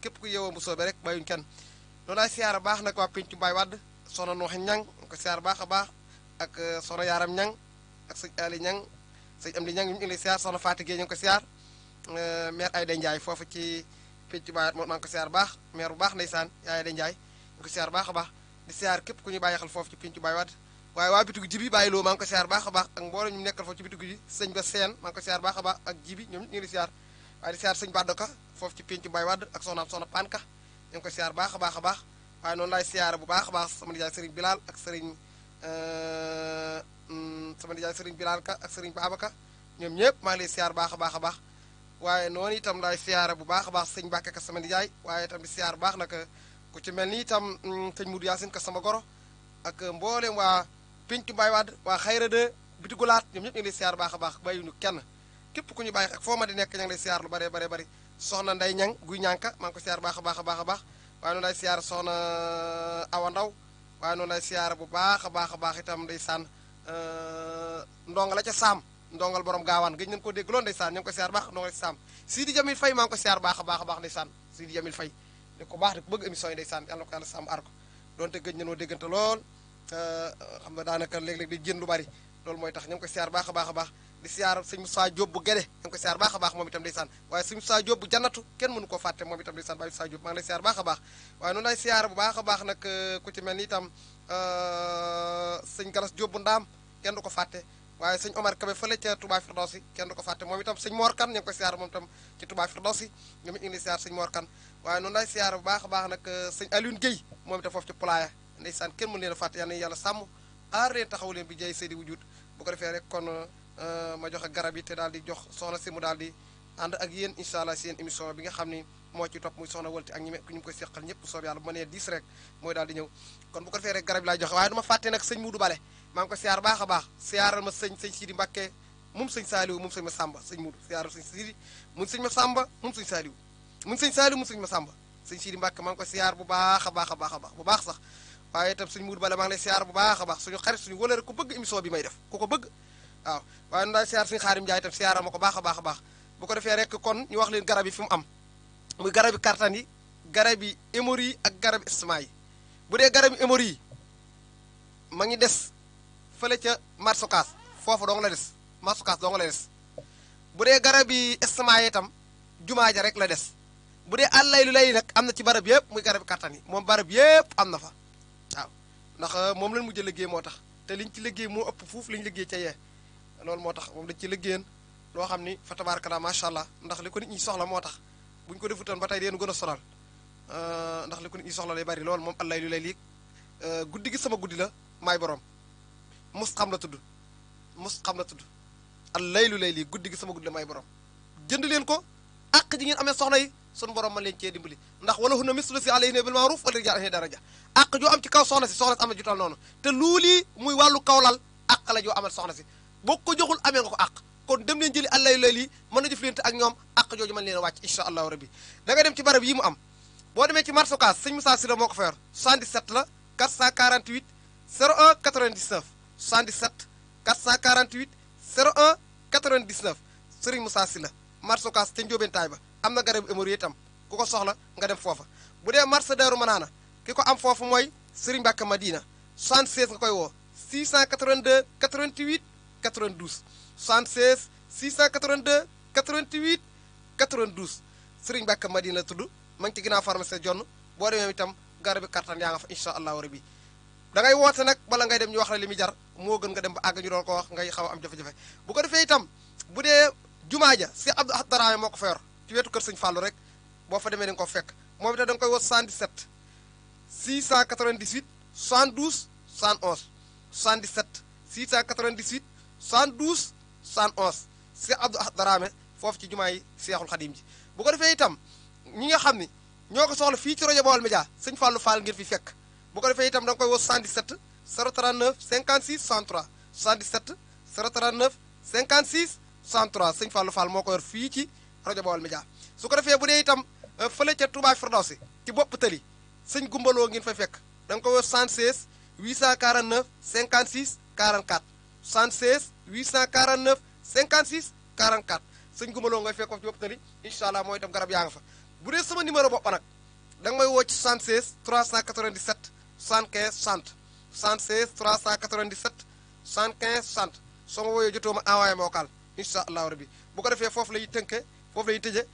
képp ku yeewoo Mbusoobe rek bàyyuñ kenn nun daay siyaar baax nag waa péncu Mbaay Wadd soxna Nuux Ñang ñu ko siyaar baax a baax ak euh, soxna Yaaram Ñang ak sëñ Ali Ñang sëñ Amdi Ñang ñu ngi lay siyaar ko siyaar euh, maire Ayda Njaay foofu ci peccu baay maa ngi ko siyaar baax maire bu baax ndeysaan yaay de a baax di siyaar képp ku ñu bàyyi xel foofu ci pincu baay waat waaye waa bitigu jibi bàyyi loo maa ngi ko siyaar baax a baax ba a baax ñoom ñi ngi siyaar waaye di siyaar sëñ Baddoka foofu ci pincu baay waat ak soxnaam soxna Panka ñu ngi ko siyaar baax a a baax waaye noonu laay siyaar bu baax a baax sama nijaay sëriñ Bilal ak sëriñ euh, mm, sama nijaay sëriñ Bilal ka ak sëriñ Baabaka ñoom ñëpp maa ngi lay siyaar a baax a baax waaye noonu itam laay siyaara bu baax a baax sëñ Mbàkke ka sama nijaay waaye tam di siyaar bu baax naka ku ci mel ni itam mm, sëñ Mudu Yaasin ka sama goro ak mboolem waa Pintu Mbaye Wade waa Xayra de bitigulaat ñoom ñëpp ñu ngi lay baax a baax bàyyiwuñu kenn képp ku ñu bàyyi foo ma di nekk ña ngi lay siyaar lu bare bare bari soxna nday ñang guy ñànka maa ngi ko siyaar baax a baax a baax a baax waaye noonu lay siyaar soxna euh, awa ndaw waaye bu baax a baax a baax itam day sànn euh, ndonga la ca saam ndongal borom gaawaan gëj nañ ko dégg loolu ndeysaan ñu ngi ko siyaar baax ndongal si saam Sidi Jamil Fay maa ngi ko a a baax ndeysaan déggante lool euh, xam nga daanaka léeg di jën lu bari loolu mooy tax ñu ngi ko siyaar baax a baax a baax di siyaar sëñ bu Gede ñu ngi ko siyaar baax a baax moom itam ndeysaan waaye sëñ Moussa Diop bu jannatu kenn mënu koo fàtte moom itam ndeysaan bàyyi Moussa Diop maa ngi lay siyaar baax a baax waaye noonu lay siyaar bu baax a baax nag euh, ku mel ni tam euh, sëñ Garas Diop bu Ndaam kenn du ko fàtte waaye sëñ Omar Kabe fële ca Touba Firdawsi kenn du ko fàtte moom itam sëñ Mor Kan ñu ngi koy siyaar moom itam ci Touba Firdawsi ñoom Kan waaye noonu lay siyaar bu a baax euh, moom itam foofu ci Pulaaya saan kenn mën leen a fàtte yal yàlla sàmm aar taxaw leen bi jay seydi wujut ko defee rek kon euh, ma joxe garab yi te daal di jox soxna si mu daal di ànd ak yéen incha allah seen émission bi nga xam ni moo ci topp muy soxna walti ak ñi ñu koy seqal ñëpp soob yàlla bu ma nee 10 rek mooy daal di ñëw kon bu ko defee rek garab yi laay joxe waaye duma fàtte nag sëñ Mudu Bale maa ngi ko siyaar baax a baax siyaaral ma sëñ sëñ Sidi Mbàkke moom sëñ Saaliwu moom sëñ ma sàmba sëñ Mudu siyaaral sëñ Sidi mun sëñ ma sàmba moom sëñ Saaliwu mun sëñ Saaliwu moom sëñ ma sàmba sëñ Sidi Mbàkke maa ngi ko siyaar bu baax a baax a baax a baax bu baax sax waaye itam sëñ Mudu Bala maa ngi lay siyaar bu baax a baax suñu xarit suñu wëlëre ku bëgg émission bi may def ku ko bëgg waaw waaye nu daal siyaar suñu xaarim Njaay itam siyaaral ma ko baax a baax a baax bu ko defee rek kon ñu wax leen garab yi fi mu am muy garab yi kartan yi garab yi émori yi ak garab yi istma yi bu dee garab yi émori yi ma ngi des fële ca marsukaas foofu dong la des marsukaas dong la des bu dee garab yi estament itam jumaa ja rek la des bu dee àllay lu lay nag am na ci barab yëpp muy garab kattan yi moom barab yëpp na fa ndax euh, moom lañ mujj a liggéey moo tax te liñ ci liggéey moo ëpp fuuf liñ liggéey ca yee moo tax moom dañ ci liggéeyan loo xam ni fa tabaarkalla macha allah ndax li ko nit soxla moo tax buñ ko defutoon ba tey deen gën a sonal euh, ndax li ko soxla lay bari loolu moom àllay lu lay lii euh, guddi gi sama guddi la maay boroom mus xam la tudd mus xam la tudd al laylu layli guddi gi sama guddi la may borom jënd leen ko àq ji ngeen amee soxna yi sun borom man leen cee dimbali ndax wala hunna mislu si alayhinna bil ma'ruf wala rijaal daraja àq joo am ci kaw soxna si soxna si am na jutal noonu te luulii muy wàllu kawlal àq la joo amal soxna si boo ko joxul amee nga ko àq kon dem leen jëli al laylu layli mën na jëflante ak ñoom àq jooju mën leen a wàcc incha allahu rabbi da nga dem ci barab mu am boo demee ci marsukaas sëñ Moussa Sylla moo ko fa yor 77 la 77 448 01 99 Serigne Moussa Sylla marché Ocass ca Ndiobentaay ba am na garabu émori itam ku ko soxla nga dem foofa bu dee marché Daaru Manaana ki ko am foofu mooy Serigne Mbacke Madina 76 nga koy woo 682 88 92 76 682 88 92 Serigne Mbacke Madina tudd ma ngi ci ginnaaw pharmacie jonn boo demee itam garabu kattan yaa nga fa incha allahu da ngay woote nag bala ngay dem ñu wax la li muy jar moo gën nga dem ba àgg ñu doon ko wax ngay xaw a am jafe-jafe bu ko defee tam bu dee jumaa ja si Abdou Ahad Daraame moo ko fa yor wetu kër Sëñ Fallou rek boo fa demee da nga ko fekk moom itam da nga koy woo 77 698 72 71 77 698 72 71 si Abdou Ahad Daraame foofu ci jumaa yi Seexul Xadim ji bu ko defee itam ñi nga xam ni ñoo ko soxla fii ci rajo Baol Média Sëñ Fallou Fall ngir fi fekk bu ko defee itam da nga koy woo 77 039 56 103 77 039 56 103 sëñ Fallou Fall moo ko yor fii ci rajo Baol Média su ko defee bu dee itam euh, fële ca Touba Firdawsi ci bopp tali sëñ gumbaloo ngeen fay fekk da nga koy woo 76 849 56 44 76 849 56 44 sëñ gumbaloo ngay fekk ci bopp tali incha allah mooy itam garab yaa nga fa bu dee sama numéro bopp nag da nga may woo ci 76 397 75 60 76 397 75 60 soo ma wooyee jotoo ma envoyé ma vocal incha allahu rabi bu ko defee foofu la ñuy tënkee foofu la ñuy tëjee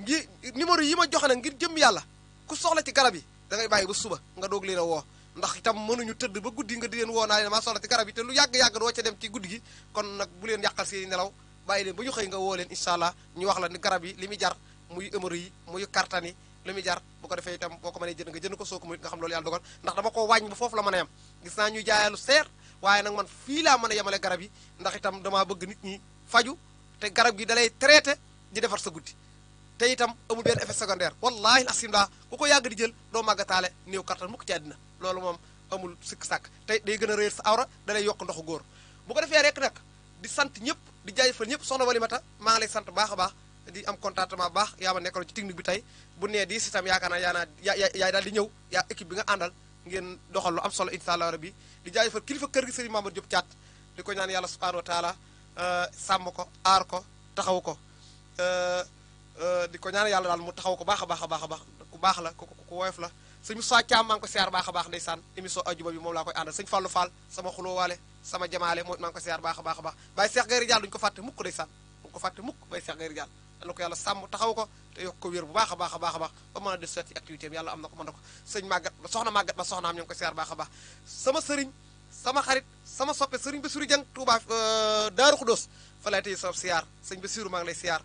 ngi numéro yi ma joxe nag ngir jëm yàlla ku soxla ci garab yi da ngay bàyyi ba suba nga doog leen a woo ndax itam mënuñu tëdd ba guddi nga di leen woo naa leen maa soxla ci garab yi te lu yàgg-yàgg doo ca dem ci guddi gi kon nag bu leen yàqal seen nelaw bàyyi leen ba ñu xëy nga woo leen incha allah ñu wax la ni garab yi li muy jar muy ëmëru yi muy kartan yi lu muy jar bu ko defee itam boo ko mënee jënd nga jënd ko soo ko mu nga xam loolu yàlla dogal ndax dama ko wàññi ba foofu la mën a yem gis naa ñuy jaayalu seer waaye nag man fii laa mën a yemale garab yi ndax itam damaa bëgg nit ñi faju te garab gi dalay traité di defar sa guddi te itam amul benn effet secondaire wallahi asim daa ku ko yàgg di jël doo màggataale néew kattan mukk ci àddina loolu moom amul sikk sàkk te day gën a réer sa awra dalay yokk ndoxu góor bu ko defee rek di sant ñëpp di jaajëfal ñëpp soxna Walimata maa ngi lay sant a baax di am contentement bu baax a ma nekkaloon ci technique bi tey bu nee di itam yaakaar naa yaa naa yaay daal di ñëw yaa équipe bi nga àndal ngeen doxal lu am solo incha allah rabbi di jaajëfal kilifa kër gi Serigne Mamadou Diop Thiat di ko ñaan yàlla subhanahu wa taala euh, sàmm ko aar ko taxaw ko euh, euh, di ko ñaan yàlla daal mu taxaw ko baax a baax a baax a baax ku baax la ku ku woyof la sëñ Moussa Thiam maa ngi siyaar baax a baax ndeysaan émission ajuba bi moom laa koy àndal sëñ Fallou Fall sama xulóowaale sama jamaale moo maa a baax a baax Baye Cheikh Gayri Diall duñu ko fàtte ko fàtte mukk Baye Cheikh yàlla ko yàlla sàmm taxaw ko te yokk ko wér bu baax a baax a baax a baax ba mën a def seet ci activité am yàlla am na ko mën na ko sëñ màggat ba soxna màggat ba soxnaam ñoo ngi ko siyaar baax a baax sama sëriñ sama xarit sama soppe sëriñ Bassirou Dieng Touba euh, Daaru Xudóos fa lay tey sama siyaar sëñ Bassirou maa ngi lay siyaar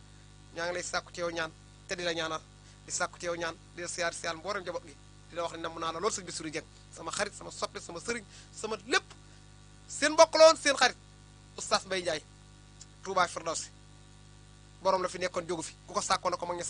ñaa ngi lay sàkku ci yow ñaan te di la ñaanal di sàkku ci yow ñaan di la siyaar siyaar mboolem njaboot gi di la wax ne namm naa la loolu sëñ Bassirou Dieng sama xarit sama soppe sama sëriñ sama lépp seen mbokk la woon seen xarit oustaz Mbaye Ndiaye Touba Firdawsi borom la fi nekkoon jógu fi ku ko sàkkoon na ko mag ña